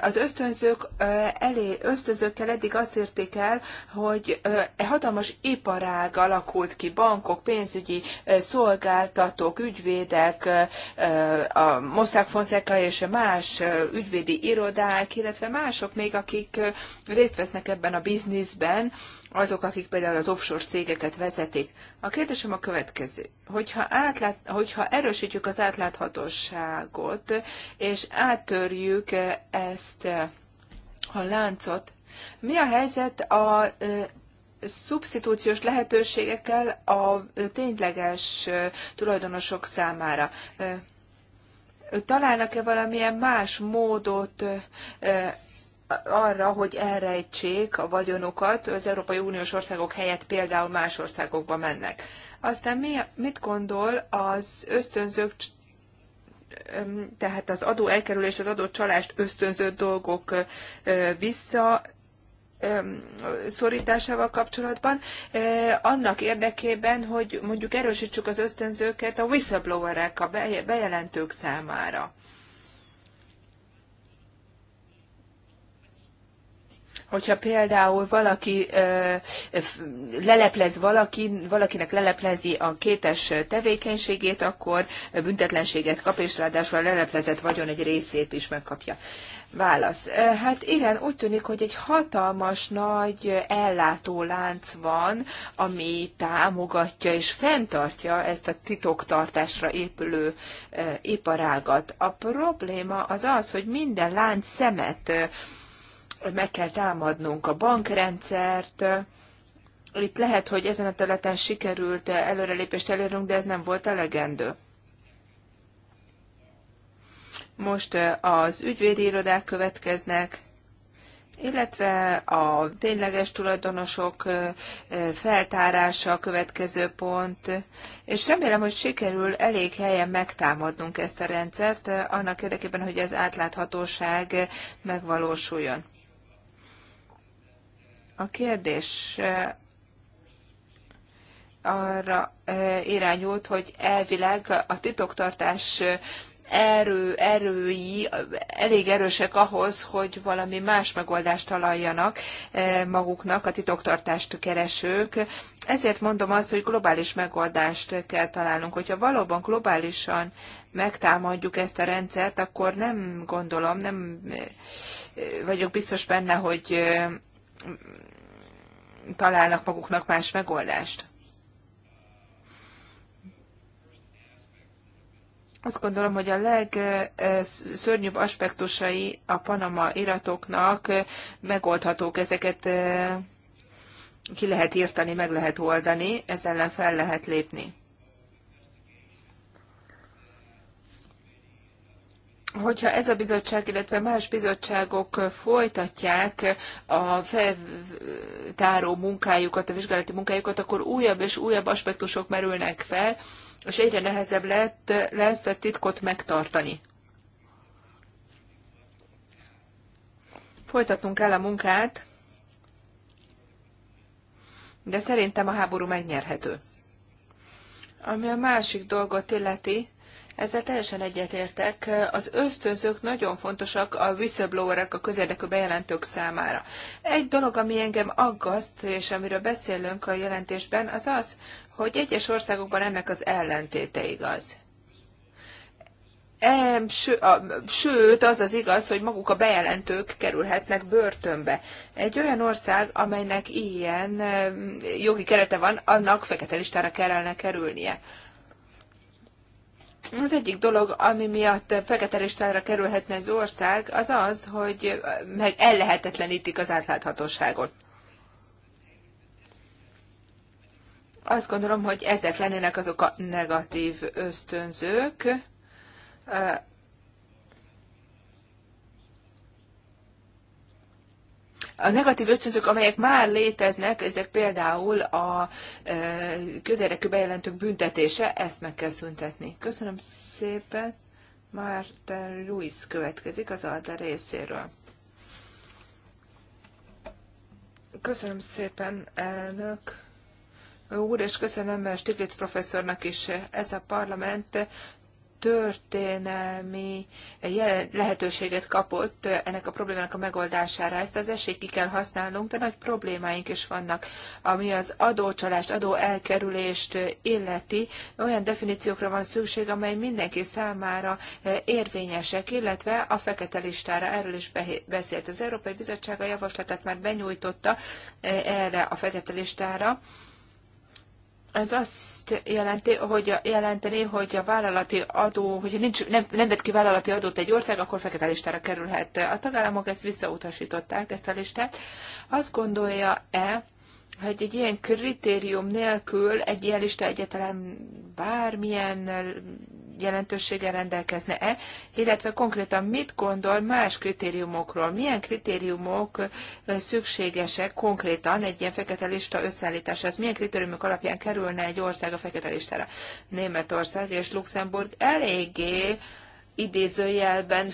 Az ösztönzők eh, elé, ösztönzőkkel eddig azt érték el, hogy eh, egy hatalmas iparág alakult ki, bankok, pénzügyi szolgáltatók, ügyvédek, a Mossack Fonseca és más ügyvédi irodák, illetve mások még, akik részt vesznek ebben a bizniszben, azok, akik például az offshore cégeket vezetik. A kérdésem a következő. Hogyha, átlát, hogyha erősítjük az átláthatóságot, és áttörjük ezt a láncot, mi a helyzet a szubstitúciós lehetőségekkel a tényleges tulajdonosok számára? Találnak-e valamilyen más módot arra, hogy elrejtsék a vagyonukat, az Európai Uniós országok helyett például más országokba mennek. Aztán mi, mit gondol az ösztönzők, tehát az adó elkerülés, az adócsalást ösztönző dolgok vissza szorításával kapcsolatban, annak érdekében, hogy mondjuk erősítsük az ösztönzőket a whistleblowerek, a bejelentők számára. Hogyha például valaki leleplez valaki, valakinek leleplezi a kétes tevékenységét, akkor büntetlenséget kap, és ráadásul a leleplezett vagyon egy részét is megkapja. Válasz. Hát igen, úgy tűnik, hogy egy hatalmas nagy ellátólánc van, ami támogatja és fenntartja ezt a titoktartásra épülő iparágat. A probléma az az, hogy minden lánc szemet meg kell támadnunk a bankrendszert. Itt lehet, hogy ezen a területen sikerült előrelépést elérnünk, de ez nem volt elegendő. Most eh, az ügyvédi irodák következnek, illetve a tényleges tulajdonosok eh, eh, feltárása a következő pont, és remélem, hogy sikerül elég helyen megtámadnunk ezt a rendszert, annak érdekében, hogy az átláthatóság megvalósuljon. A kérdés arra irányult, hogy elvileg a titoktartás erő, erői elég erősek ahhoz, hogy valami más megoldást találjanak maguknak a titoktartást keresők. Ezért mondom azt, hogy globális megoldást kell találnunk. Hogyha valóban globálisan megtámadjuk ezt a rendszert, akkor nem gondolom, nem vagyok biztos benne, hogy találnak maguknak más megoldást. Azt gondolom, hogy a legszörnyűbb aspektusai a Panama iratoknak megoldhatók, ezeket eh, ki lehet írtani, meg lehet oldani, ezzel ellen fel lehet lépni. hogyha ez a bizottság, illetve más bizottságok folytatják a feltáró munkájukat, a vizsgálati munkájukat, akkor újabb és újabb aspektusok merülnek fel, és egyre nehezebb lett, lesz a titkot megtartani. Folytatnunk kell a munkát, de szerintem a háború megnyerhető. Ami a másik dolgot illeti, ezzel teljesen egyetértek. Az ösztönzők nagyon fontosak a whistleblowerek, a közérdekű bejelentők számára. Egy dolog, ami engem aggaszt, és amiről beszélünk a jelentésben, az az, hogy egyes országokban ennek az ellentéte igaz. ső, a, sőt, az az igaz, hogy maguk a bejelentők kerülhetnek börtönbe. Egy olyan ország, amelynek ilyen jogi kerete van, annak fekete listára kellene kerülnie. Az egyik dolog, ami miatt fekete listára kerülhetne az ország, az az, hogy meg ellehetetlenítik az átláthatóságot. Azt gondolom, hogy ezek lennének azok a negatív ösztönzők, A negatív ösztönzők, amelyek már léteznek, ezek például a e, közérdekű bejelentők büntetése, ezt meg kell szüntetni. Köszönöm szépen. Márta Ruiz következik az Alda részéről. Köszönöm szépen, elnök úr, és köszönöm Stiglitz professzornak is. Ez a parlament történelmi lehetőséget kapott ennek a problémának a megoldására. Ezt az esélyt ki kell használnunk, de nagy problémáink is vannak, ami az adócsalást, adó elkerülést illeti. Olyan definíciókra van szükség, amely mindenki számára eh, érvényesek, illetve a fekete listára. Erről is beszélt az Európai Bizottság, a javaslatát már benyújtotta eh, erre a fekete listára ez azt jelenti, hogy a, jelenteni, hogy a vállalati adó, hogyha nincs, nem, nem vett ki vállalati adót egy ország, akkor fekete listára kerülhet. A tagállamok ezt visszautasították, ezt a listát. Azt gondolja-e, hogy egy ilyen kritérium nélkül egy ilyen lista egyetlen bármilyen jelentőséggel rendelkezne-e, illetve konkrétan mit gondol más kritériumokról, milyen kritériumok szükségesek konkrétan egy ilyen fekete lista összeállításához, milyen kritériumok alapján kerülne egy ország a fekete listára. Németország és Luxemburg eléggé idézőjelben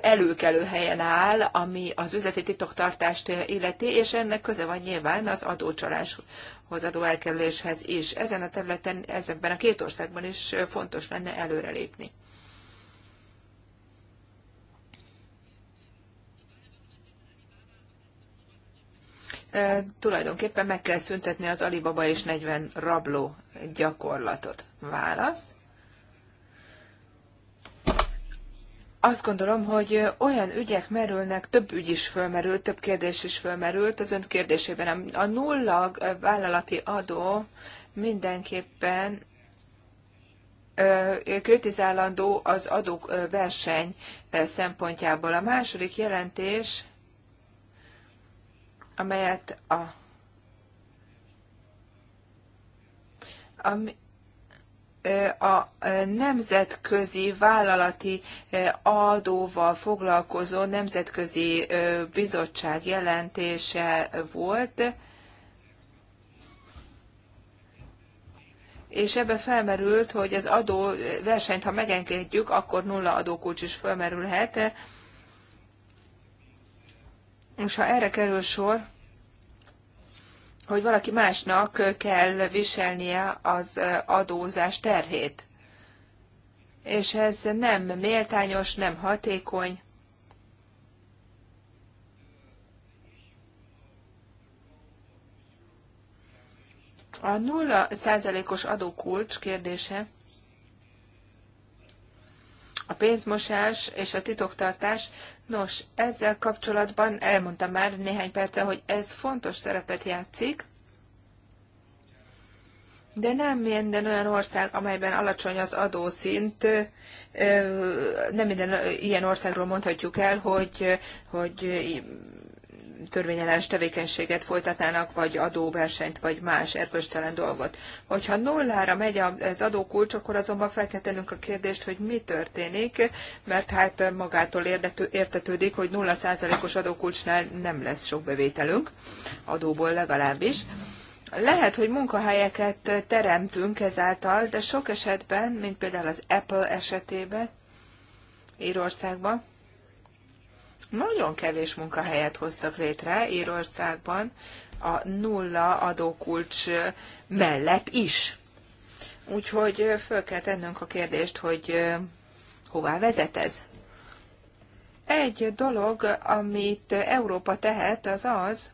előkelő helyen áll, ami az üzleti titoktartást illeti, és ennek köze van nyilván az adócsaláshoz, adóelkerüléshez is. Ezen a területen, ezekben a két országban is fontos lenne előrelépni. tulajdonképpen meg kell szüntetni az Alibaba és 40 rabló gyakorlatot. Válasz. azt gondolom, hogy olyan ügyek merülnek, több ügy is fölmerült, több kérdés is fölmerült az ön kérdésében. A nulla vállalati adó mindenképpen kritizálandó az adók verseny szempontjából. A második jelentés, amelyet a ami, a nemzetközi vállalati adóval foglalkozó nemzetközi bizottság jelentése volt, és ebbe felmerült, hogy az adó versenyt, ha megengedjük, akkor nulla adókulcs is felmerülhet, és ha erre kerül sor, hogy valaki másnak kell viselnie az adózás terhét. És ez nem méltányos, nem hatékony. A nulla százalékos adókulcs kérdése pénzmosás és a titoktartás. Nos, ezzel kapcsolatban elmondtam már néhány perce, hogy ez fontos szerepet játszik, de nem minden olyan ország, amelyben alacsony az adószint, nem minden ilyen országról mondhatjuk el, hogy, hogy törvényellenes tevékenységet folytatnának, vagy adóversenyt, vagy más erkölcstelen dolgot. Hogyha nullára megy az adókulcs, akkor azonban fel kell tennünk a kérdést, hogy mi történik, mert hát magától értetődik, hogy 0 százalékos adókulcsnál nem lesz sok bevételünk, adóból legalábbis. Lehet, hogy munkahelyeket teremtünk ezáltal, de sok esetben, mint például az Apple esetében, Írországban, nagyon kevés munkahelyet hoztak létre Írországban a nulla adókulcs mellett is. Úgyhogy föl kell tennünk a kérdést, hogy hová vezet ez. Egy dolog, amit Európa tehet, az az,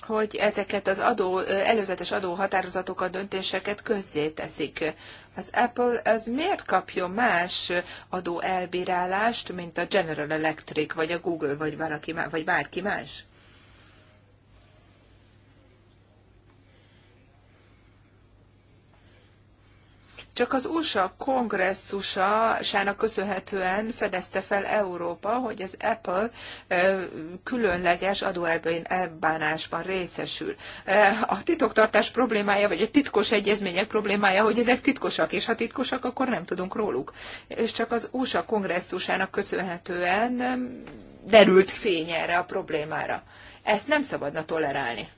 hogy ezeket az adó, előzetes adóhatározatokat, döntéseket közzéteszik az Apple az miért kapja más adó elbírálást, mint a General Electric, vagy a Google, vagy, valaki, vagy bárki más? Csak az USA kongresszusának köszönhetően fedezte fel Európa, hogy az Apple különleges adóelbén elbánásban részesül. A titoktartás problémája, vagy a titkos egyezmények problémája, hogy ezek titkosak, és ha titkosak, akkor nem tudunk róluk. És csak az USA kongresszusának köszönhetően derült fény erre a problémára. Ezt nem szabadna tolerálni.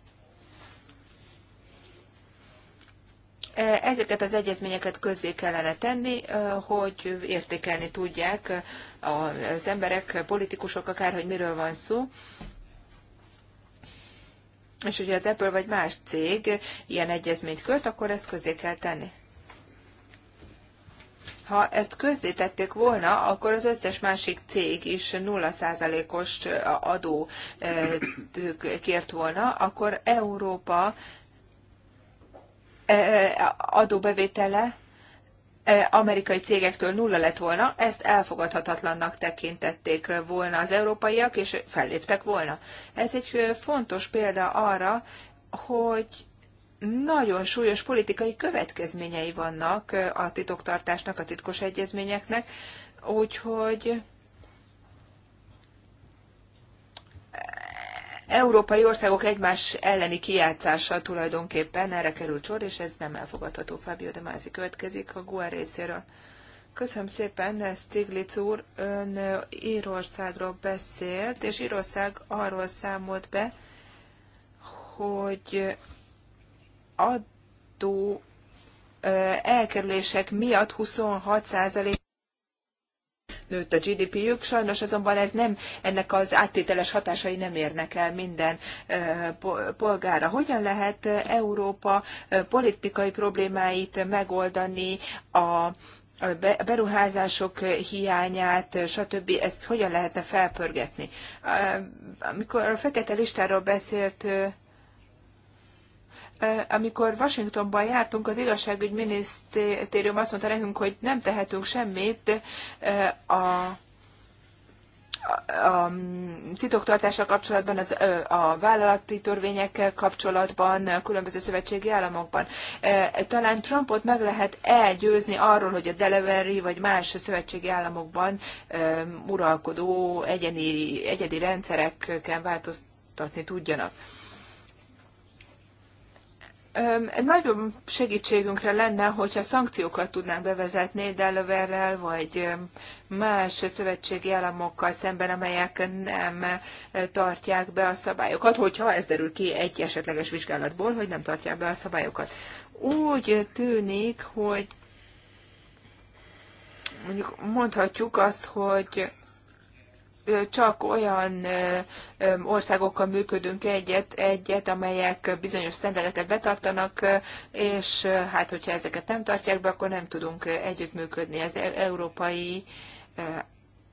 Ezeket az egyezményeket közzé kellene tenni, hogy értékelni tudják az emberek, politikusok akár, hogy miről van szó. És hogyha az Apple vagy más cég ilyen egyezményt költ, akkor ezt közé kell tenni. Ha ezt tették volna, akkor az összes másik cég is 0%-os adó kért volna, akkor Európa adóbevétele amerikai cégektől nulla lett volna, ezt elfogadhatatlannak tekintették volna az európaiak, és felléptek volna. Ez egy fontos példa arra, hogy nagyon súlyos politikai következményei vannak a titoktartásnak, a titkos egyezményeknek, úgyhogy európai országok egymás elleni kijátszása tulajdonképpen erre került sor, és ez nem elfogadható. Fábio de Mázi következik a GUA részéről. Köszönöm szépen, Stiglitz úr, ön Írországról beszélt, és Írország arról számolt be, hogy adó elkerülések miatt 26 százalék nőtt a GDP-jük, sajnos azonban ez nem, ennek az áttételes hatásai nem érnek el minden polgára. Hogyan lehet Európa politikai problémáit megoldani a a beruházások hiányát, stb. ezt hogyan lehetne felpörgetni. Amikor a fekete listáról beszélt E, amikor Washingtonban jártunk, az igazságügy minisztérium azt mondta nekünk, hogy nem tehetünk semmit e, a a titoktartással kapcsolatban, az, a vállalati törvényekkel kapcsolatban, a különböző szövetségi államokban. E, talán Trumpot meg lehet elgyőzni arról, hogy a Delaware vagy más szövetségi államokban uralkodó egyeni, egyedi rendszerekkel változtatni tudjanak. Nagyon segítségünkre lenne, hogyha szankciókat tudnánk bevezetni Delaware-rel, vagy más szövetségi államokkal szemben, amelyek nem tartják be a szabályokat, hogyha ez derül ki egy esetleges vizsgálatból, hogy nem tartják be a szabályokat. Úgy tűnik, hogy mondjuk mondhatjuk azt, hogy csak olyan országokkal működünk egyet, egyet, amelyek bizonyos sztendereket betartanak, és hát, hogyha ezeket nem tartják be, akkor nem tudunk együttműködni. Az e, európai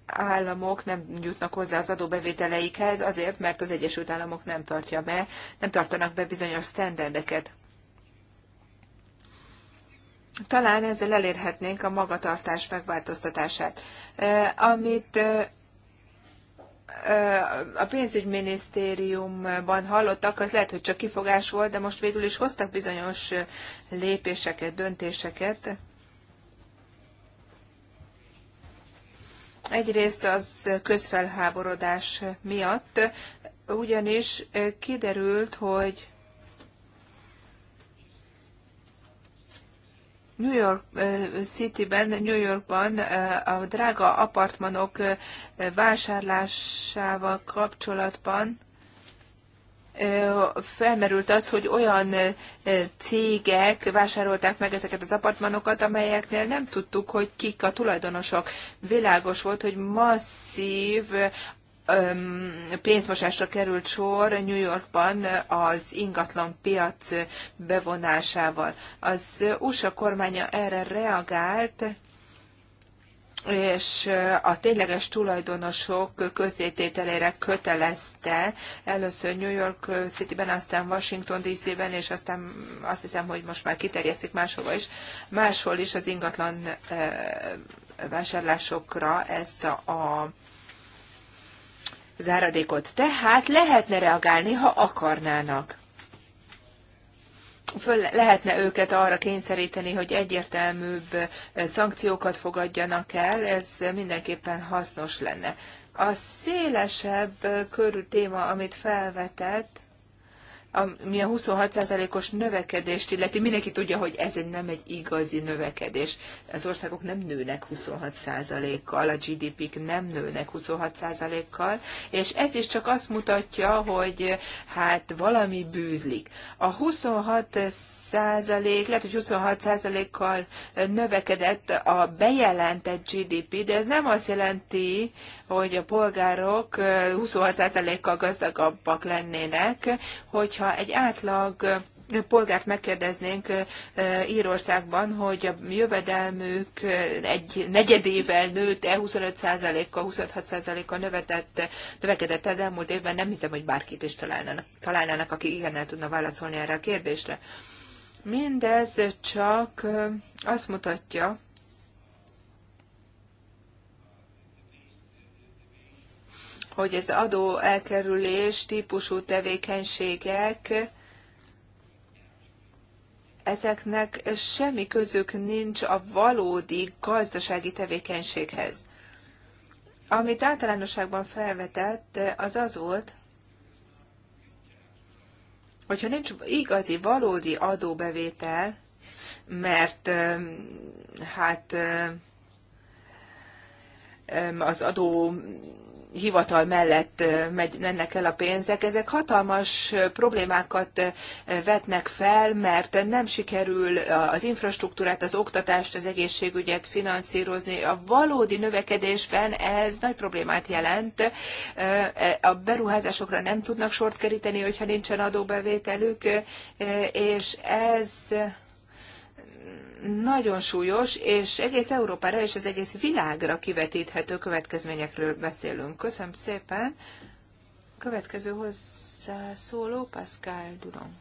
államok nem jutnak hozzá az adóbevételeikhez azért, mert az Egyesült Államok nem tartja be, nem tartanak be bizonyos sztenderdeket. Talán ezzel elérhetnénk a magatartás megváltoztatását. Amit a pénzügyminisztériumban hallottak, az lehet, hogy csak kifogás volt, de most végül is hoztak bizonyos lépéseket, döntéseket. Egyrészt az közfelháborodás miatt, ugyanis kiderült, hogy New York City-ben, New Yorkban a drága apartmanok vásárlásával kapcsolatban felmerült az, hogy olyan cégek vásárolták meg ezeket az apartmanokat, amelyeknél nem tudtuk, hogy kik a tulajdonosok. Világos volt, hogy masszív pénzmosásra került sor New Yorkban az ingatlan piac bevonásával. Az USA kormánya erre reagált, és a tényleges tulajdonosok közzétételére kötelezte először New York City-ben, aztán Washington DC-ben, és aztán azt hiszem, hogy most már kiterjesztik máshova is, máshol is az ingatlan eh, vásárlásokra ezt a, a záradékot. Tehát lehetne reagálni, ha akarnának. Föl lehetne őket arra kényszeríteni, hogy egyértelműbb eh, szankciókat fogadjanak el, ez mindenképpen hasznos lenne. A szélesebb eh, körű téma, amit felvetett, ami a 26%-os növekedést illeti. Mindenki tudja, hogy ez egy, nem egy igazi növekedés. Az országok nem nőnek 26%-kal, a GDP-k nem nőnek 26%-kal, és ez is csak azt mutatja, hogy hát valami bűzlik. A 26% lehet, hogy 26%-kal növekedett a bejelentett GDP, de ez nem azt jelenti, hogy a polgárok 26%-kal gazdagabbak lennének, hogyha egy átlag polgárt megkérdeznénk Írországban, hogy a jövedelmük egy negyedével nőtt-e, 25%-kal, 26%-kal növetett, növekedett az elmúlt évben, nem hiszem, hogy bárkit is találnának, találnának aki el tudna válaszolni erre a kérdésre. Mindez csak azt mutatja, hogy az adó elkerülés típusú tevékenységek ezeknek semmi közük nincs a valódi gazdasági tevékenységhez. Amit általánosságban felvetett, az az volt, hogyha nincs igazi, valódi adóbevétel, mert hát az adó hivatal mellett mennek el a pénzek. Ezek hatalmas problémákat vetnek fel, mert nem sikerül az infrastruktúrát, az oktatást, az egészségügyet finanszírozni. A valódi növekedésben ez nagy problémát jelent. E, a beruházásokra nem tudnak sort keríteni, hogyha nincsen adóbevételük, és ez nagyon súlyos, és egész Európára és az egész világra kivetíthető következményekről beszélünk. Köszönöm szépen. Következő hozzászóló Pascal Duron.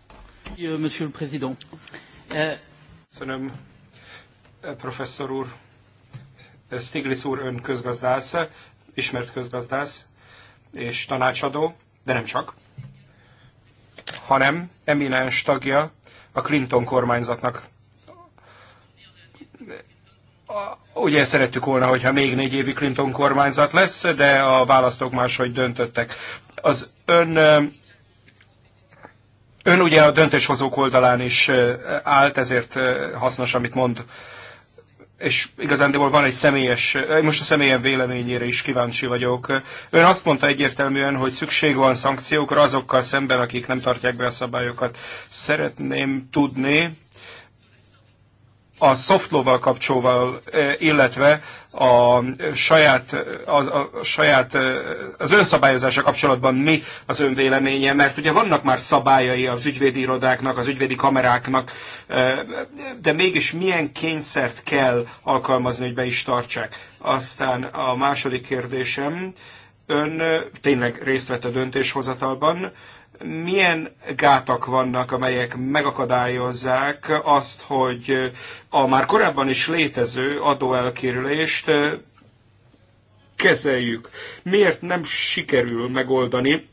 Monsieur le Président. Eh, Köszönöm, eh, professzor úr. Eh, Stiglitz úr ön közgazdász, ismert közgazdász és tanácsadó, de nem csak, hanem eminens tagja a Clinton kormányzatnak ugye szerettük volna, hogyha még négy évi Clinton kormányzat lesz, de a választók máshogy döntöttek. Az ön Ön ugye a döntéshozók oldalán is állt, ezért hasznos, amit mond. És igazándiból van egy személyes, most a személyen véleményére is kíváncsi vagyok. Ön azt mondta egyértelműen, hogy szükség van szankciókra azokkal szemben, akik nem tartják be a szabályokat. Szeretném tudni, a softlóval kapcsolóval, illetve a saját, a, a saját az önszabályozása kapcsolatban mi az ön véleménye, mert ugye vannak már szabályai az ügyvédi irodáknak, az ügyvédi kameráknak, de mégis milyen kényszert kell alkalmazni, hogy be is tartsák. Aztán a második kérdésem, ön tényleg részt vett a döntéshozatalban, milyen gátak vannak, amelyek megakadályozzák azt, hogy a már korábban is létező adóelkérülést kezeljük. Miért nem sikerül megoldani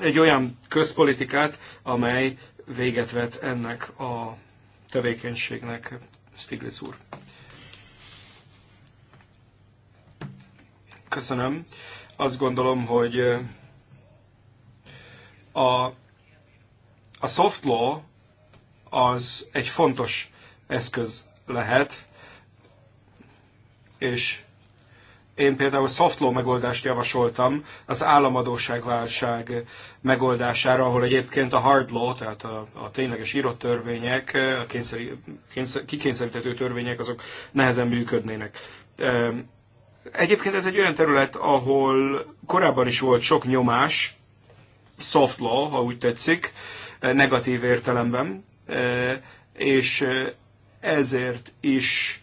egy olyan közpolitikát, amely véget vet ennek a tevékenységnek, Stiglitz úr. Köszönöm. Azt gondolom, hogy a, a soft law az egy fontos eszköz lehet, és én például a soft law megoldást javasoltam az államadóságválság megoldására, ahol egyébként a hard law, tehát a, a tényleges írott törvények, a kényszeri, kényszer, kikényszerítető törvények, azok nehezen működnének. Ehm, egyébként ez egy olyan terület, ahol korábban is volt sok nyomás, soft law, ha úgy tetszik, eh, negatív értelemben, eh, és eh, ezért is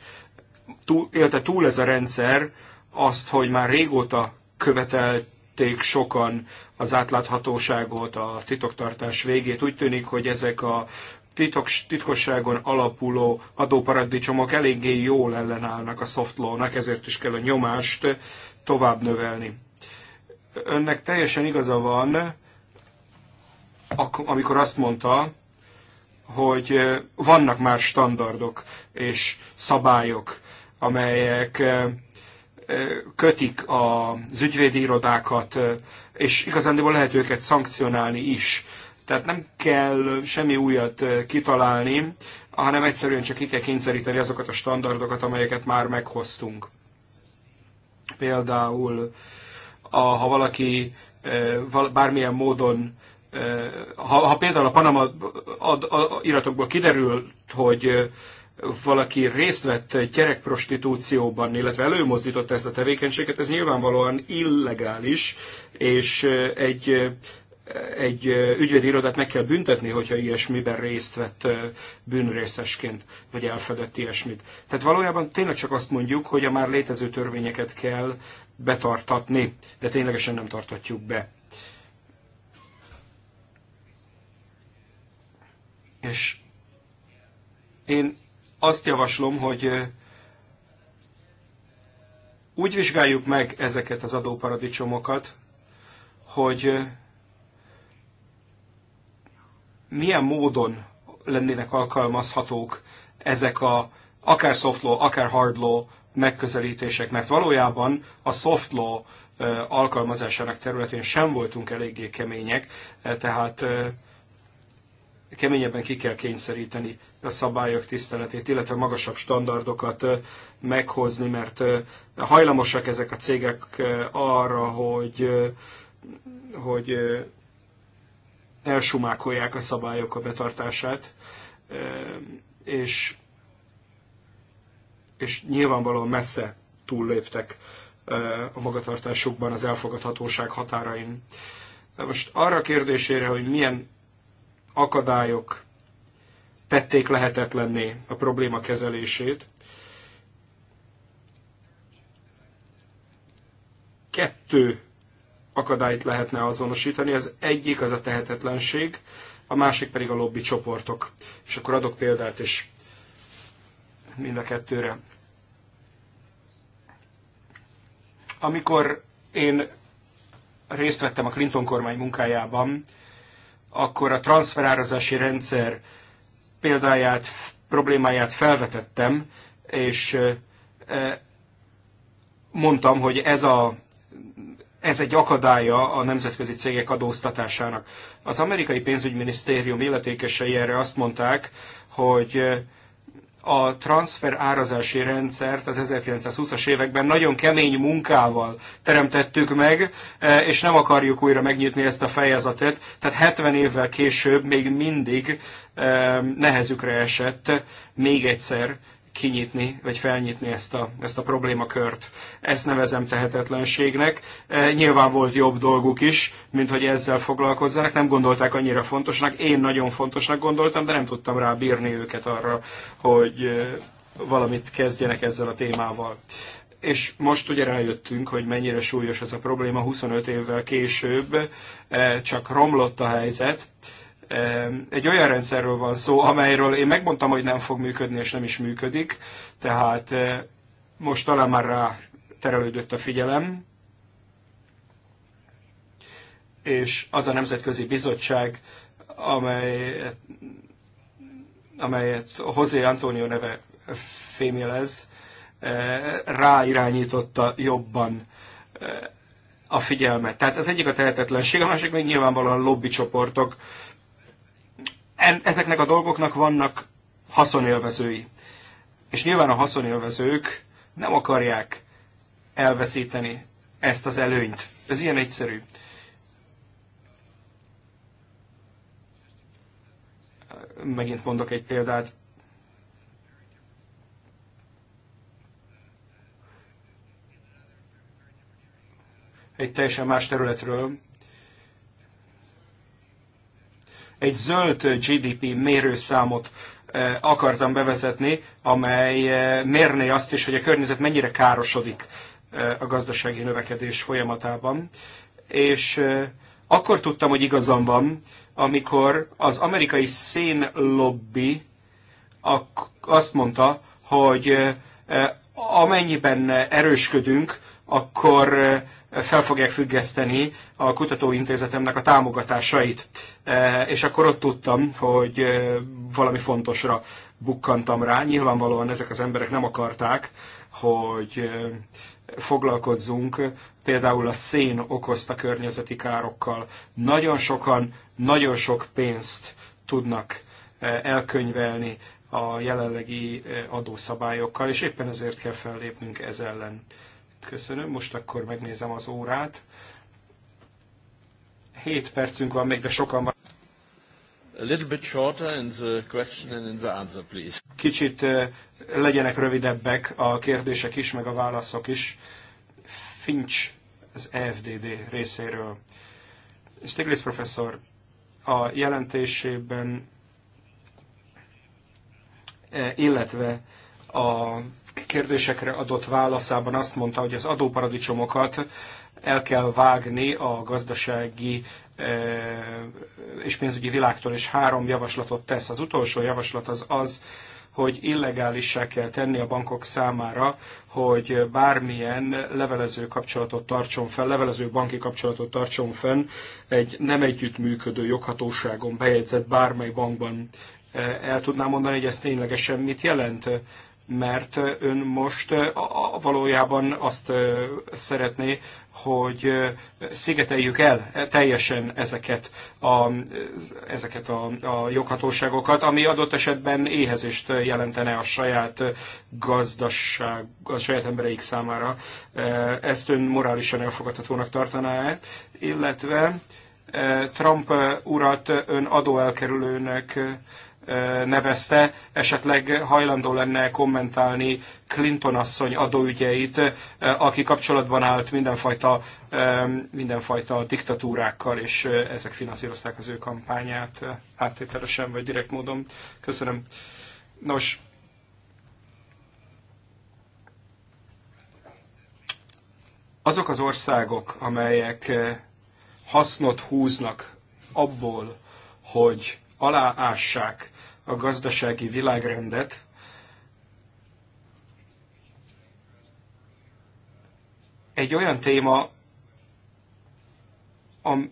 túl, élte túl ez a rendszer azt, hogy már régóta követelték sokan az átláthatóságot, a titoktartás végét. Úgy tűnik, hogy ezek a titok, titkosságon alapuló adóparadicsomok eléggé jól ellenállnak a soft law-nak, ezért is kell a nyomást tovább növelni. Önnek teljesen igaza van, amikor azt mondta, hogy vannak már standardok és szabályok, amelyek kötik az ügyvédi irodákat, és igazándiból lehet őket szankcionálni is. Tehát nem kell semmi újat kitalálni, hanem egyszerűen csak ki kell kényszeríteni azokat a standardokat, amelyeket már meghoztunk. Például, ha valaki bármilyen módon ha, ha például a Panama ad, a, iratokból kiderül, hogy valaki részt vett gyerekprostitúcióban, illetve előmozdította ezt a tevékenységet, ez nyilvánvalóan illegális, és egy egy ügyvédi irodát meg kell büntetni, hogyha ilyesmiben részt vett bűnrészesként, vagy elfedett ilyesmit. Tehát valójában tényleg csak azt mondjuk, hogy a már létező törvényeket kell betartatni, de ténylegesen nem tartatjuk be. És én azt javaslom, hogy úgy vizsgáljuk meg ezeket az adóparadicsomokat, hogy milyen módon lennének alkalmazhatók ezek a akár soft law, akár hard law megközelítések, mert valójában a soft law alkalmazásának területén sem voltunk eléggé kemények, e, tehát keményebben ki kell kényszeríteni a szabályok tiszteletét, illetve magasabb standardokat meghozni, mert hajlamosak ezek a cégek arra, hogy, hogy elsumákolják a szabályok a betartását, és, és nyilvánvalóan messze túlléptek a magatartásukban az elfogadhatóság határain. Most arra a kérdésére, hogy milyen akadályok tették lehetetlenné a probléma kezelését. Kettő akadályt lehetne azonosítani, az egyik az a tehetetlenség, a másik pedig a lobby csoportok. És akkor adok példát is mind a kettőre. Amikor én részt vettem a Clinton kormány munkájában, akkor a transferárazási rendszer példáját, problémáját felvetettem, és mondtam, hogy ez, a, ez egy akadálya a nemzetközi cégek adóztatásának. Az amerikai pénzügyminisztérium illetékesei erre azt mondták, hogy a transfer árazási rendszert az 1920-as években nagyon kemény munkával teremtettük meg, e, és nem akarjuk újra megnyitni ezt a fejezetet, tehát 70 évvel később még mindig e, nehezükre esett még egyszer kinyitni, vagy felnyitni ezt a, ezt a problémakört. Ezt nevezem tehetetlenségnek. E, nyilván volt jobb dolguk is, mint hogy ezzel foglalkozzanak. Nem gondolták annyira fontosnak. Én nagyon fontosnak gondoltam, de nem tudtam rá bírni őket arra, hogy e, valamit kezdjenek ezzel a témával és most ugye rájöttünk, hogy mennyire súlyos ez a probléma, 25 évvel később e, csak romlott a helyzet, egy olyan rendszerről van szó, amelyről én megmondtam, hogy nem fog működni, és nem is működik, tehát eh, most talán már rá terelődött a figyelem, és az a nemzetközi bizottság, amely, amelyet José Antonio neve fémjelez, eh, ráirányította jobban eh, a figyelmet. Tehát az egyik a tehetetlenség, a másik még nyilvánvalóan lobbycsoportok ezeknek a dolgoknak vannak haszonélvezői. És nyilván a haszonélvezők nem akarják elveszíteni ezt az előnyt. Ez ilyen egyszerű. Megint mondok egy példát. Egy teljesen más területről egy zöld GDP mérőszámot eh, akartam bevezetni, amely eh, mérné azt is, hogy a környezet mennyire károsodik eh, a gazdasági növekedés folyamatában. És akkor tudtam, hogy igazam van, amikor az amerikai szénlobbi azt mondta, hogy amennyiben erősködünk, akkor fel fogják függeszteni a kutatóintézetemnek a támogatásait. E, és akkor ott tudtam, hogy e, valami fontosra bukkantam rá. Nyilvánvalóan ezek az emberek nem akarták, hogy e, foglalkozzunk például a szén okozta környezeti károkkal. Nagyon sokan nagyon sok pénzt tudnak elkönyvelni a jelenlegi adószabályokkal, és éppen ezért kell fellépnünk ez ellen. Köszönöm, most akkor megnézem az órát. 7 percünk van még, de sokan van. A little bit shorter in the question and in the answer, please. Kicsit eh, legyenek rövidebbek a kérdések is, meg a válaszok is. Finch az EFDD részéről. Stiglitz professzor a jelentésében, eh, illetve a kérdésekre adott válaszában azt mondta, hogy az adóparadicsomokat el kell vágni a gazdasági eh, és pénzügyi világtól, és három javaslatot tesz. Az utolsó javaslat az az, hogy illegálissá kell tenni a bankok számára, hogy bármilyen levelező kapcsolatot tartson fel, levelező banki kapcsolatot tartson fenn egy nem együttműködő joghatóságon bejegyzett bármely bankban. Eh, el tudnám mondani, hogy ez ténylegesen mit jelent? mert ön most valójában azt szeretné, hogy szigeteljük el e, teljesen ezeket a, ezeket a, a joghatóságokat, ami adott esetben éhezést jelentene a saját gazdaság, a saját embereik számára. E, ezt ön morálisan elfogadhatónak tartaná-e? Illetve e, Trump urat ön adóelkerülőnek nevezte, esetleg hajlandó lenne kommentálni Clinton asszony adóügyeit, eh, aki kapcsolatban állt mindenfajta, eh, mindenfajta diktatúrákkal, és eh, ezek finanszírozták az ő kampányát áttételesen vagy direkt módon. Köszönöm. Nos, azok az országok, amelyek hasznot húznak abból, hogy aláássák a gazdasági világrendet, egy olyan téma, am,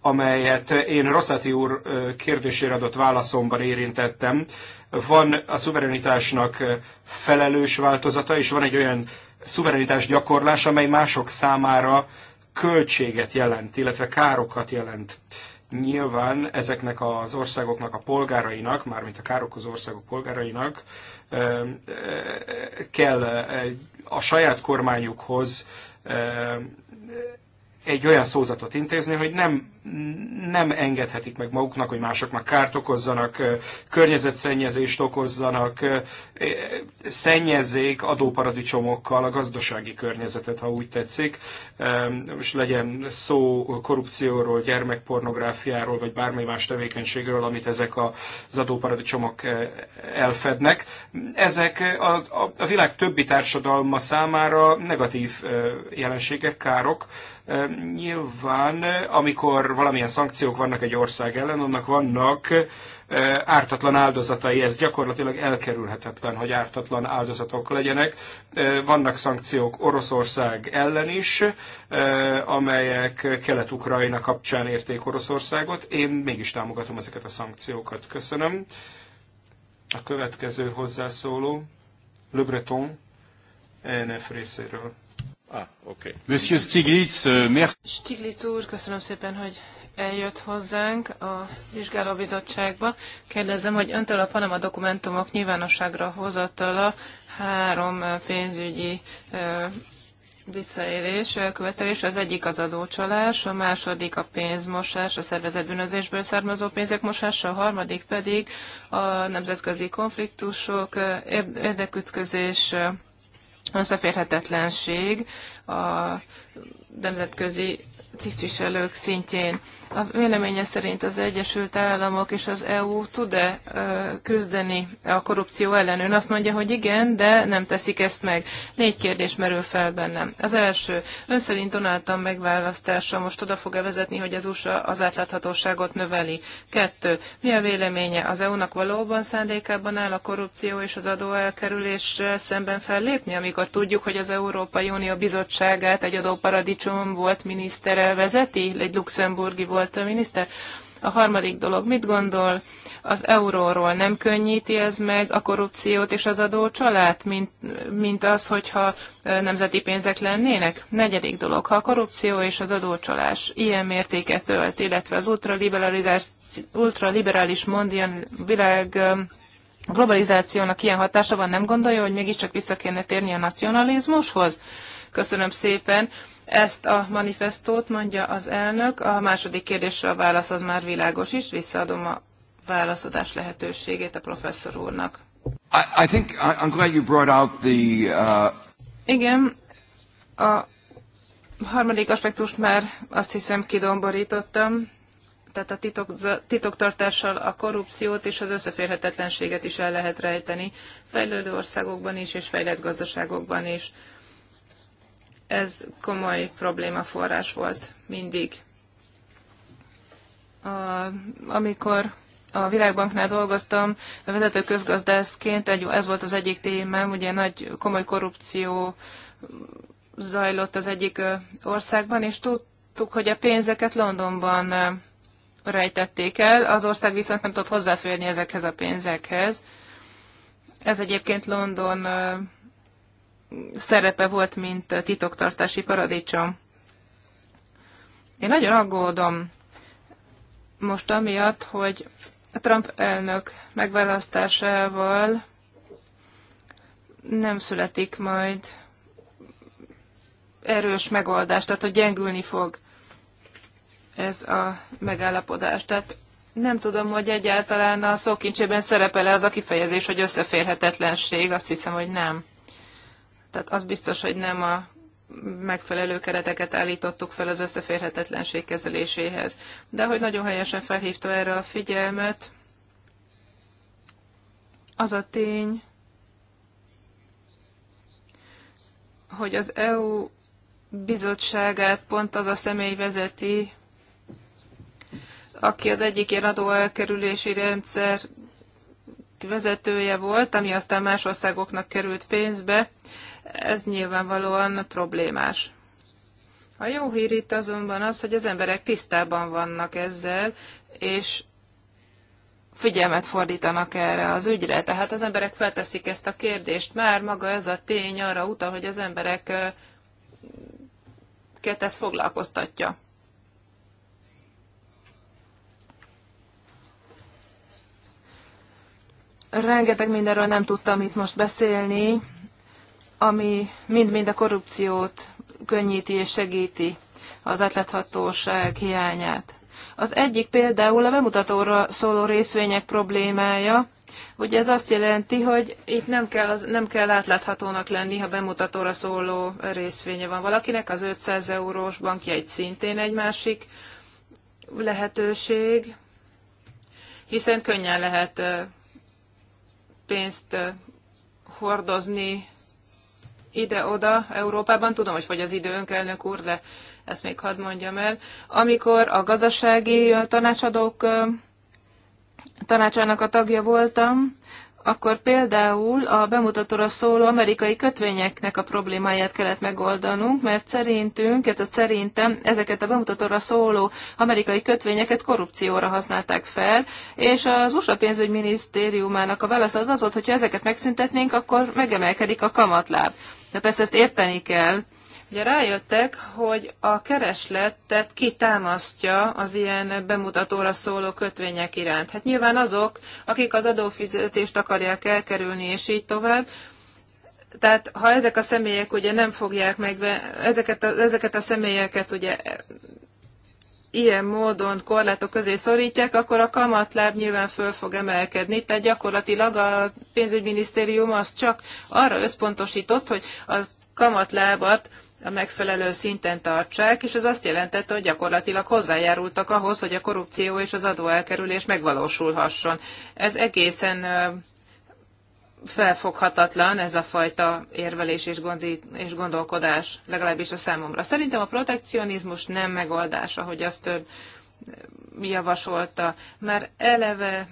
amelyet én Rosszati úr kérdésére adott válaszomban érintettem. Van a szuverenitásnak felelős változata, és van egy olyan szuverenitás gyakorlás, amely mások számára költséget jelent, illetve károkat jelent. Nyilván ezeknek az országoknak, a polgárainak, mármint a károkozó országok polgárainak kell a saját kormányukhoz egy olyan szózatot intézni, hogy nem, nem engedhetik meg maguknak, hogy másoknak kárt okozzanak, környezetszennyezést okozzanak, szennyezzék adóparadicsomokkal a gazdasági környezetet, ha úgy tetszik. Most legyen szó korrupcióról, gyermekpornográfiáról, vagy bármely más tevékenységről, amit ezek az adóparadicsomok elfednek. Ezek a, a, a világ többi társadalma számára negatív jelenségek, károk, Nyilván, amikor valamilyen szankciók vannak egy ország ellen, annak vannak ártatlan áldozatai, ez gyakorlatilag elkerülhetetlen, hogy ártatlan áldozatok legyenek. Vannak szankciók Oroszország ellen is, amelyek Kelet-Ukrajna kapcsán érték Oroszországot. Én mégis támogatom ezeket a szankciókat. Köszönöm. A következő hozzászóló, Le Breton, ENF részéről. Ah, oké. Okay. Monsieur Stiglitz, euh, Stiglitz úr, köszönöm szépen, hogy eljött hozzánk a vizsgálóbizottságba. Kérdezem, hogy öntől a Panama dokumentumok nyilvánosságra hozatala három pénzügyi visszaélés, követelés. Az egyik az adócsalás, a második a pénzmosás, a szervezett bűnözésből származó pénzek mosása, a harmadik pedig a nemzetközi konfliktusok, érdekütközés, összeférhetetlenség a nemzetközi tisztviselők szintjén. A véleménye szerint az Egyesült Államok és az EU tud-e küzdeni a korrupció ellen? Ön azt mondja, hogy igen, de nem teszik ezt meg. Négy kérdés merül fel bennem. Az első, ön szerint Donáltan megválasztása most oda fog-e vezetni, hogy az USA az átláthatóságot növeli? Kettő, mi a véleménye? Az EU-nak valóban szándékában áll a korrupció és az adóelkerülés szemben fellépni, amikor tudjuk, hogy az Európai Unió Bizottságát egy adóparadicsom volt minisztere vezeti, egy luxemburgi volt a miniszter. A harmadik dolog, mit gondol, az euróról nem könnyíti ez meg a korrupciót és az család, mint, mint az, hogyha nemzeti pénzek lennének? Negyedik dolog, ha a korrupció és az adócsalás ilyen mértéket ölt, illetve az ultraliberalizás, ultraliberális mondian világ globalizációnak ilyen hatása van, nem gondolja, hogy mégiscsak vissza kéne térni a nacionalizmushoz? Köszönöm szépen ezt a manifestót, mondja az elnök. A második kérdésre a válasz az már világos is. Visszaadom a válaszadás lehetőségét a professzor úrnak. I, I think I'm glad you brought out the, uh... Igen, a harmadik aspektust már azt hiszem kidomborítottam, tehát a titok, titoktartással a korrupciót és az összeférhetetlenséget is el lehet rejteni, fejlődő országokban is és fejlett gazdaságokban is ez komoly problémaforrás volt mindig. A, amikor a Világbanknál dolgoztam, a vezető közgazdászként egy, ez volt az egyik témám, ugye nagy komoly korrupció zajlott az egyik országban, és tudtuk, hogy a pénzeket Londonban rejtették el, az ország viszont nem tudott hozzáférni ezekhez a pénzekhez. Ez egyébként London szerepe volt, mint titoktartási paradicsom. Én nagyon aggódom most amiatt, hogy a Trump elnök megválasztásával nem születik majd erős megoldás, tehát hogy gyengülni fog ez a megállapodás. Tehát nem tudom, hogy egyáltalán a szókincsében szerepel-e az a kifejezés, hogy összeférhetetlenség, azt hiszem, hogy nem. Tehát az biztos, hogy nem a megfelelő kereteket állítottuk fel az összeférhetetlenség kezeléséhez. De hogy nagyon helyesen felhívta erre a figyelmet, az a tény, hogy az EU bizottságát pont az a személy vezeti, aki az egyik ilyen adóelkerülési rendszer vezetője volt, ami aztán más országoknak került pénzbe, ez nyilvánvalóan problémás. A jó hír itt azonban az, hogy az emberek tisztában vannak ezzel, és figyelmet fordítanak erre az ügyre. Tehát az emberek felteszik ezt a kérdést. Már maga ez a tény arra utal, hogy az emberek ezt foglalkoztatja. rengeteg mindenről nem tudtam itt most beszélni, ami mind-mind a korrupciót könnyíti és segíti az átláthatóság hiányát. Az egyik például a bemutatóra szóló részvények problémája, Ugye ez azt jelenti, hogy itt nem kell, nem kell átláthatónak lenni, ha bemutatóra szóló részvénye van valakinek, az 500 eurós egy szintén egy másik lehetőség, hiszen könnyen lehet pénzt hordozni ide-oda Európában. Tudom, hogy fogy az időnk, elnök úr, de ezt még hadd mondjam el. Amikor a gazdasági tanácsadók tanácsának a tagja voltam, akkor például a bemutatóra szóló amerikai kötvényeknek a problémáját kellett megoldanunk, mert szerintünk, tehát szerintem ezeket a bemutatóra szóló amerikai kötvényeket korrupcióra használták fel, és az USA pénzügyminisztériumának a válasz az az volt, hogyha ezeket megszüntetnénk, akkor megemelkedik a kamatláb. De persze ezt érteni kell, Ugye rájöttek, hogy a keresletet kitámasztja az ilyen bemutatóra szóló kötvények iránt. Hát nyilván azok, akik az adófizetést akarják elkerülni, és így tovább, tehát ha ezek a személyek ugye nem fogják meg, ezeket a, ezeket a személyeket ugye ilyen módon korlátok közé szorítják, akkor a kamatláb nyilván föl fog emelkedni. Tehát gyakorlatilag a pénzügyminisztérium az csak arra összpontosított, hogy a kamatlábat a megfelelő szinten tartsák, és ez azt jelentette, hogy gyakorlatilag hozzájárultak ahhoz, hogy a korrupció és az adóelkerülés megvalósulhasson. Ez egészen felfoghatatlan ez a fajta érvelés és, gondi, és gondolkodás, legalábbis a számomra. Szerintem a protekcionizmus nem megoldás, ahogy azt ön javasolta. mert eleve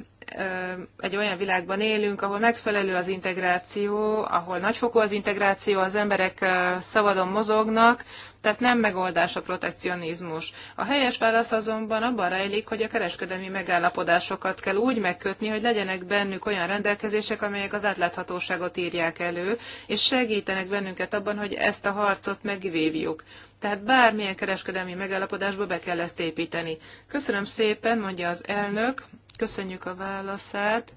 egy olyan világban élünk, ahol megfelelő az integráció, ahol nagyfokú az integráció, az emberek szabadon mozognak, tehát nem megoldás a protekcionizmus. A helyes válasz azonban abban rejlik, hogy a kereskedelmi megállapodásokat kell úgy megkötni, hogy legyenek bennük olyan rendelkezések, amelyek az átláthatóságot írják elő, és segítenek bennünket abban, hogy ezt a harcot megvívjuk. Tehát bármilyen kereskedelmi megállapodásba be kell ezt építeni. Köszönöm szépen, mondja az elnök, köszönjük a válaszát.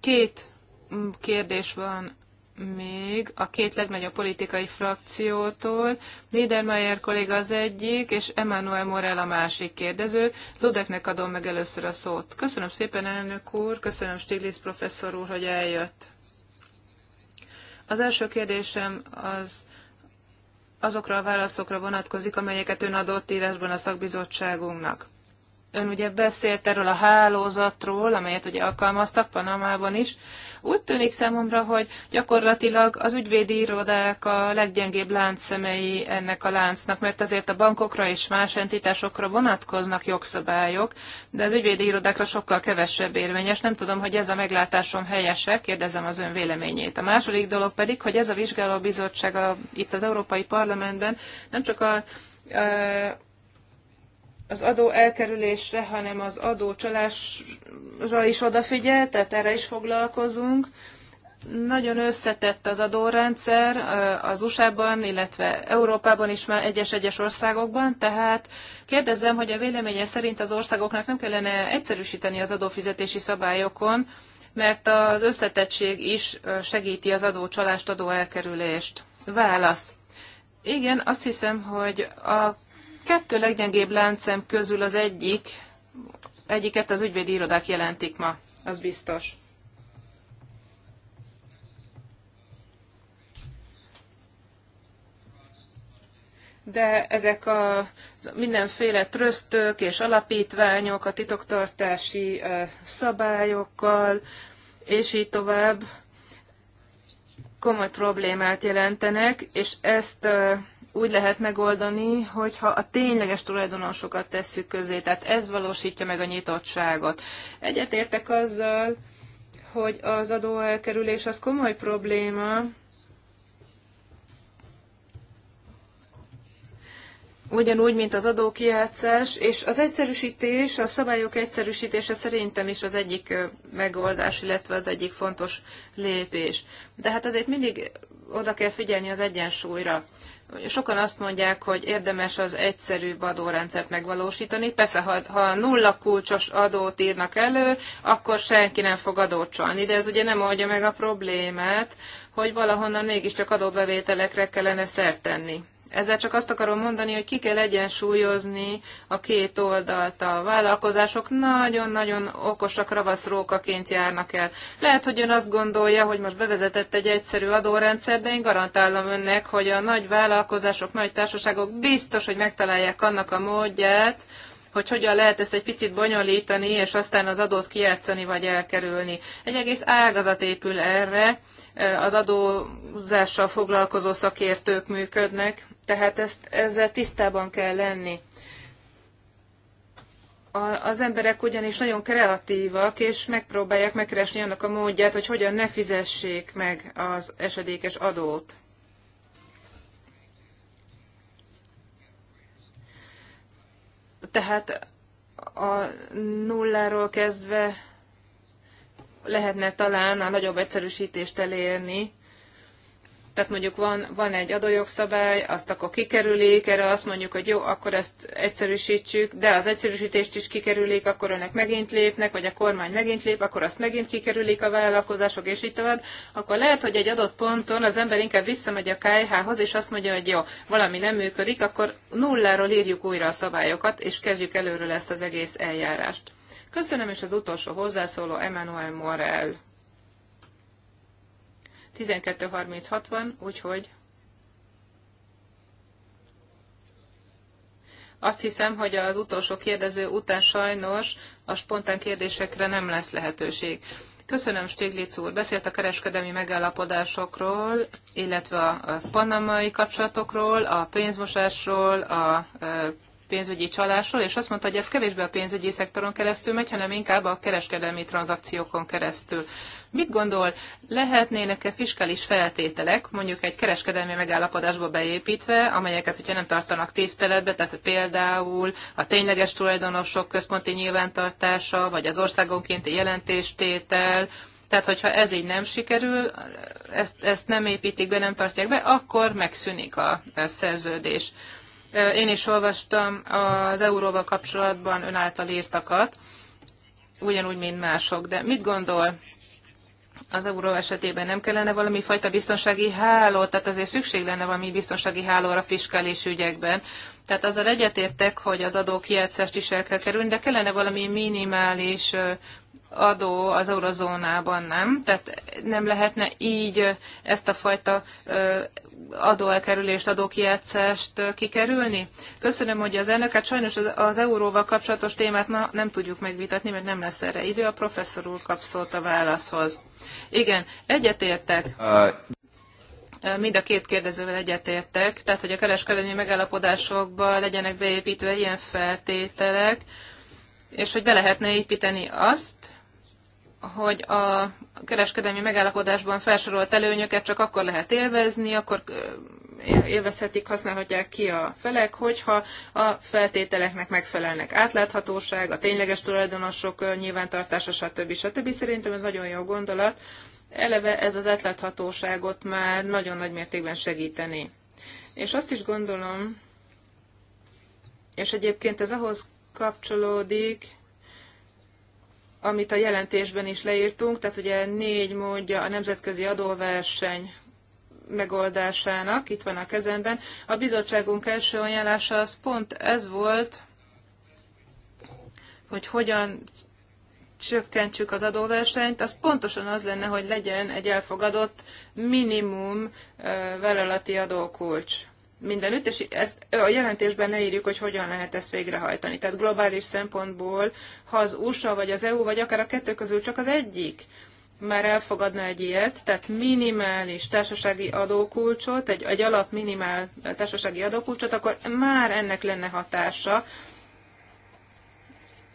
Két mm, kérdés van még a két legnagyobb politikai frakciótól. Niedermayer kolléga az egyik, és Emmanuel Morel a másik kérdező. Ludeknek adom meg először a szót. Köszönöm szépen, elnök úr, köszönöm Stiglitz professzor úr, hogy eljött. Az első kérdésem az azokra a válaszokra vonatkozik, amelyeket ön adott írásban a szakbizottságunknak. Ön ugye beszélt erről a hálózatról, amelyet ugye alkalmaztak Panamában is. Úgy tűnik számomra, hogy gyakorlatilag az ügyvédi irodák a leggyengébb láncszemei ennek a láncnak, mert azért a bankokra és más entitásokra vonatkoznak jogszabályok, de az ügyvédi irodákra sokkal kevesebb érvényes. Nem tudom, hogy ez a meglátásom helyese, kérdezem az ön véleményét. A második dolog pedig, hogy ez a vizsgálóbizottság a, itt az Európai Parlamentben nem csak a az adó elkerülésre, hanem az adó csalásra is odafigyel, tehát erre is foglalkozunk. Nagyon összetett az adórendszer eh, az USA-ban, illetve Európában is már egyes-egyes országokban, tehát kérdezem, hogy a véleménye szerint az országoknak nem kellene egyszerűsíteni az adófizetési szabályokon, mert az összetettség is eh, segíti az adócsalást, elkerülést. Válasz. Igen, azt hiszem, hogy a kettő leggyengébb láncem közül az egyik, egyiket az ügyvédi irodák jelentik ma, az biztos. de ezek a mindenféle trösztök és alapítványok a titoktartási szabályokkal, és így tovább komoly problémát jelentenek, és ezt úgy lehet megoldani, hogyha a tényleges tulajdonosokat tesszük közé, tehát ez valósítja meg a nyitottságot. Egyetértek azzal, hogy az adóelkerülés az komoly probléma, ugyanúgy, mint az adókijátszás, és az egyszerűsítés, a szabályok egyszerűsítése szerintem is az egyik megoldás, illetve az egyik fontos lépés. De hát azért mindig oda kell figyelni az egyensúlyra. Sokan azt mondják, hogy érdemes az egyszerűbb adórendszert megvalósítani. Persze, ha, ha nulla kulcsos adót írnak elő, akkor senki nem fog adót csalni, de ez ugye nem oldja meg a problémát, hogy valahonnan mégiscsak adóbevételekre kellene szert tenni. Ezzel csak azt akarom mondani, hogy ki kell egyensúlyozni a két oldalt. A vállalkozások nagyon-nagyon okosak ravaszrókaként járnak el. Lehet, hogy ön azt gondolja, hogy most bevezetett egy egyszerű adórendszer, de én garantálom önnek, hogy a nagy vállalkozások, nagy társaságok biztos, hogy megtalálják annak a módját, hogy hogyan lehet ezt egy picit bonyolítani, és aztán az adót kijátszani vagy elkerülni. Egy egész ágazat épül erre, az adózással foglalkozó szakértők működnek, tehát ezt, ezzel tisztában kell lenni. A, az emberek ugyanis nagyon kreatívak, és megpróbálják megkeresni annak a módját, hogy hogyan ne fizessék meg az esedékes adót. Tehát a nulláról kezdve lehetne talán a nagyobb egyszerűsítést elérni, tehát mondjuk van, van egy adójogszabály, azt akkor kikerülik, erre azt mondjuk, hogy jó, akkor ezt egyszerűsítsük, de az egyszerűsítést is kikerülik, akkor önök megint lépnek, vagy a kormány megint lép, akkor azt megint kikerülik a vállalkozások, és így tovább. Akkor lehet, hogy egy adott ponton az ember inkább visszamegy a KH-hoz, és azt mondja, hogy jó, valami nem működik, akkor nulláról írjuk újra a szabályokat, és kezdjük előről ezt az egész eljárást. Köszönöm, és az utolsó hozzászóló Emmanuel Morel. 1230 úgyhogy azt hiszem, hogy az utolsó kérdező után sajnos a spontán kérdésekre nem lesz lehetőség. Köszönöm, Stiglitz úr. Beszélt a kereskedelmi megállapodásokról, illetve a panamai kapcsolatokról, a pénzmosásról, a pénzügyi csalásról, és azt mondta, hogy ez kevésbé a pénzügyi szektoron keresztül megy, hanem inkább a kereskedelmi tranzakciókon keresztül. Mit gondol, lehetnének-e fiskális feltételek, mondjuk egy kereskedelmi megállapodásba beépítve, amelyeket, hogyha nem tartanak tiszteletbe, tehát például a tényleges tulajdonosok központi nyilvántartása, vagy az országonkénti jelentéstétel, tehát, hogyha ez így nem sikerül, ezt, ezt nem építik be, nem tartják be, akkor megszűnik a, a szerződés. Én is olvastam az euróval kapcsolatban ön által írtakat, ugyanúgy, mint mások. De mit gondol az euró esetében nem kellene valami fajta biztonsági háló, tehát azért szükség lenne valami biztonsági hálóra fiskális ügyekben. Tehát azzal egyetértek, hogy az adókijátszást is el kell kerülni, de kellene valami minimális adó az eurozónában nem, tehát nem lehetne így ezt a fajta adóelkerülést, adókijátszást kikerülni. Köszönöm, hogy az elnöket. Hát sajnos az euróval kapcsolatos témát ma nem tudjuk megvitatni, mert nem lesz erre idő, a professzor úr kap a válaszhoz. Igen, egyetértek. Uh... Mind a két kérdezővel egyetértek, tehát hogy a kereskedelmi megállapodásokba legyenek beépítve ilyen feltételek, és hogy be lehetne építeni azt, hogy a kereskedelmi megállapodásban felsorolt előnyöket csak akkor lehet élvezni, akkor élvezhetik, használhatják ki a felek, hogyha a feltételeknek megfelelnek átláthatóság, a tényleges tulajdonosok nyilvántartása, stb. stb. Szerintem ez nagyon jó gondolat. Eleve ez az átláthatóságot már nagyon nagy mértékben segíteni. És azt is gondolom, és egyébként ez ahhoz kapcsolódik, amit a jelentésben is leírtunk, tehát ugye négy módja a nemzetközi adóverseny megoldásának, itt van a kezemben. A bizottságunk első ajánlása az pont ez volt, hogy hogyan csökkentsük az adóversenyt, az pontosan az lenne, hogy legyen egy elfogadott minimum vállalati adókulcs mindenütt, és ezt a jelentésben írjuk, hogy hogyan lehet ezt végrehajtani. Tehát globális szempontból, ha az USA vagy az EU, vagy akár a kettő közül csak az egyik már elfogadna egy ilyet, tehát minimális társasági adókulcsot, egy, egy alap minimál társasági adókulcsot, akkor már ennek lenne hatása.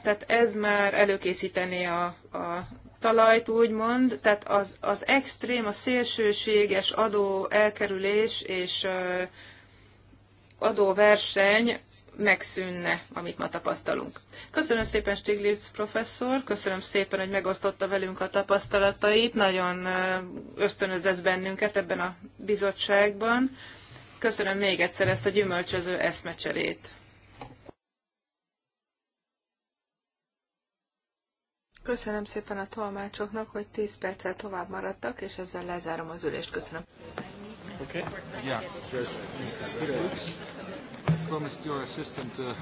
Tehát ez már előkészíteni a, a talajt, úgymond, tehát az, az extrém, a szélsőséges adó elkerülés és adóverseny megszűnne, amit ma tapasztalunk. Köszönöm szépen Stiglitz professzor, köszönöm szépen, hogy megosztotta velünk a tapasztalatait, nagyon ösztönöz ez bennünket ebben a bizottságban. Köszönöm még egyszer ezt a gyümölcsöző eszmecserét. Köszönöm szépen a tolmácsoknak, hogy 10 perccel tovább maradtak, és ezzel lezárom az ülést. Köszönöm. Okay? Yeah. Just, Mr. Promised your assistant. Uh,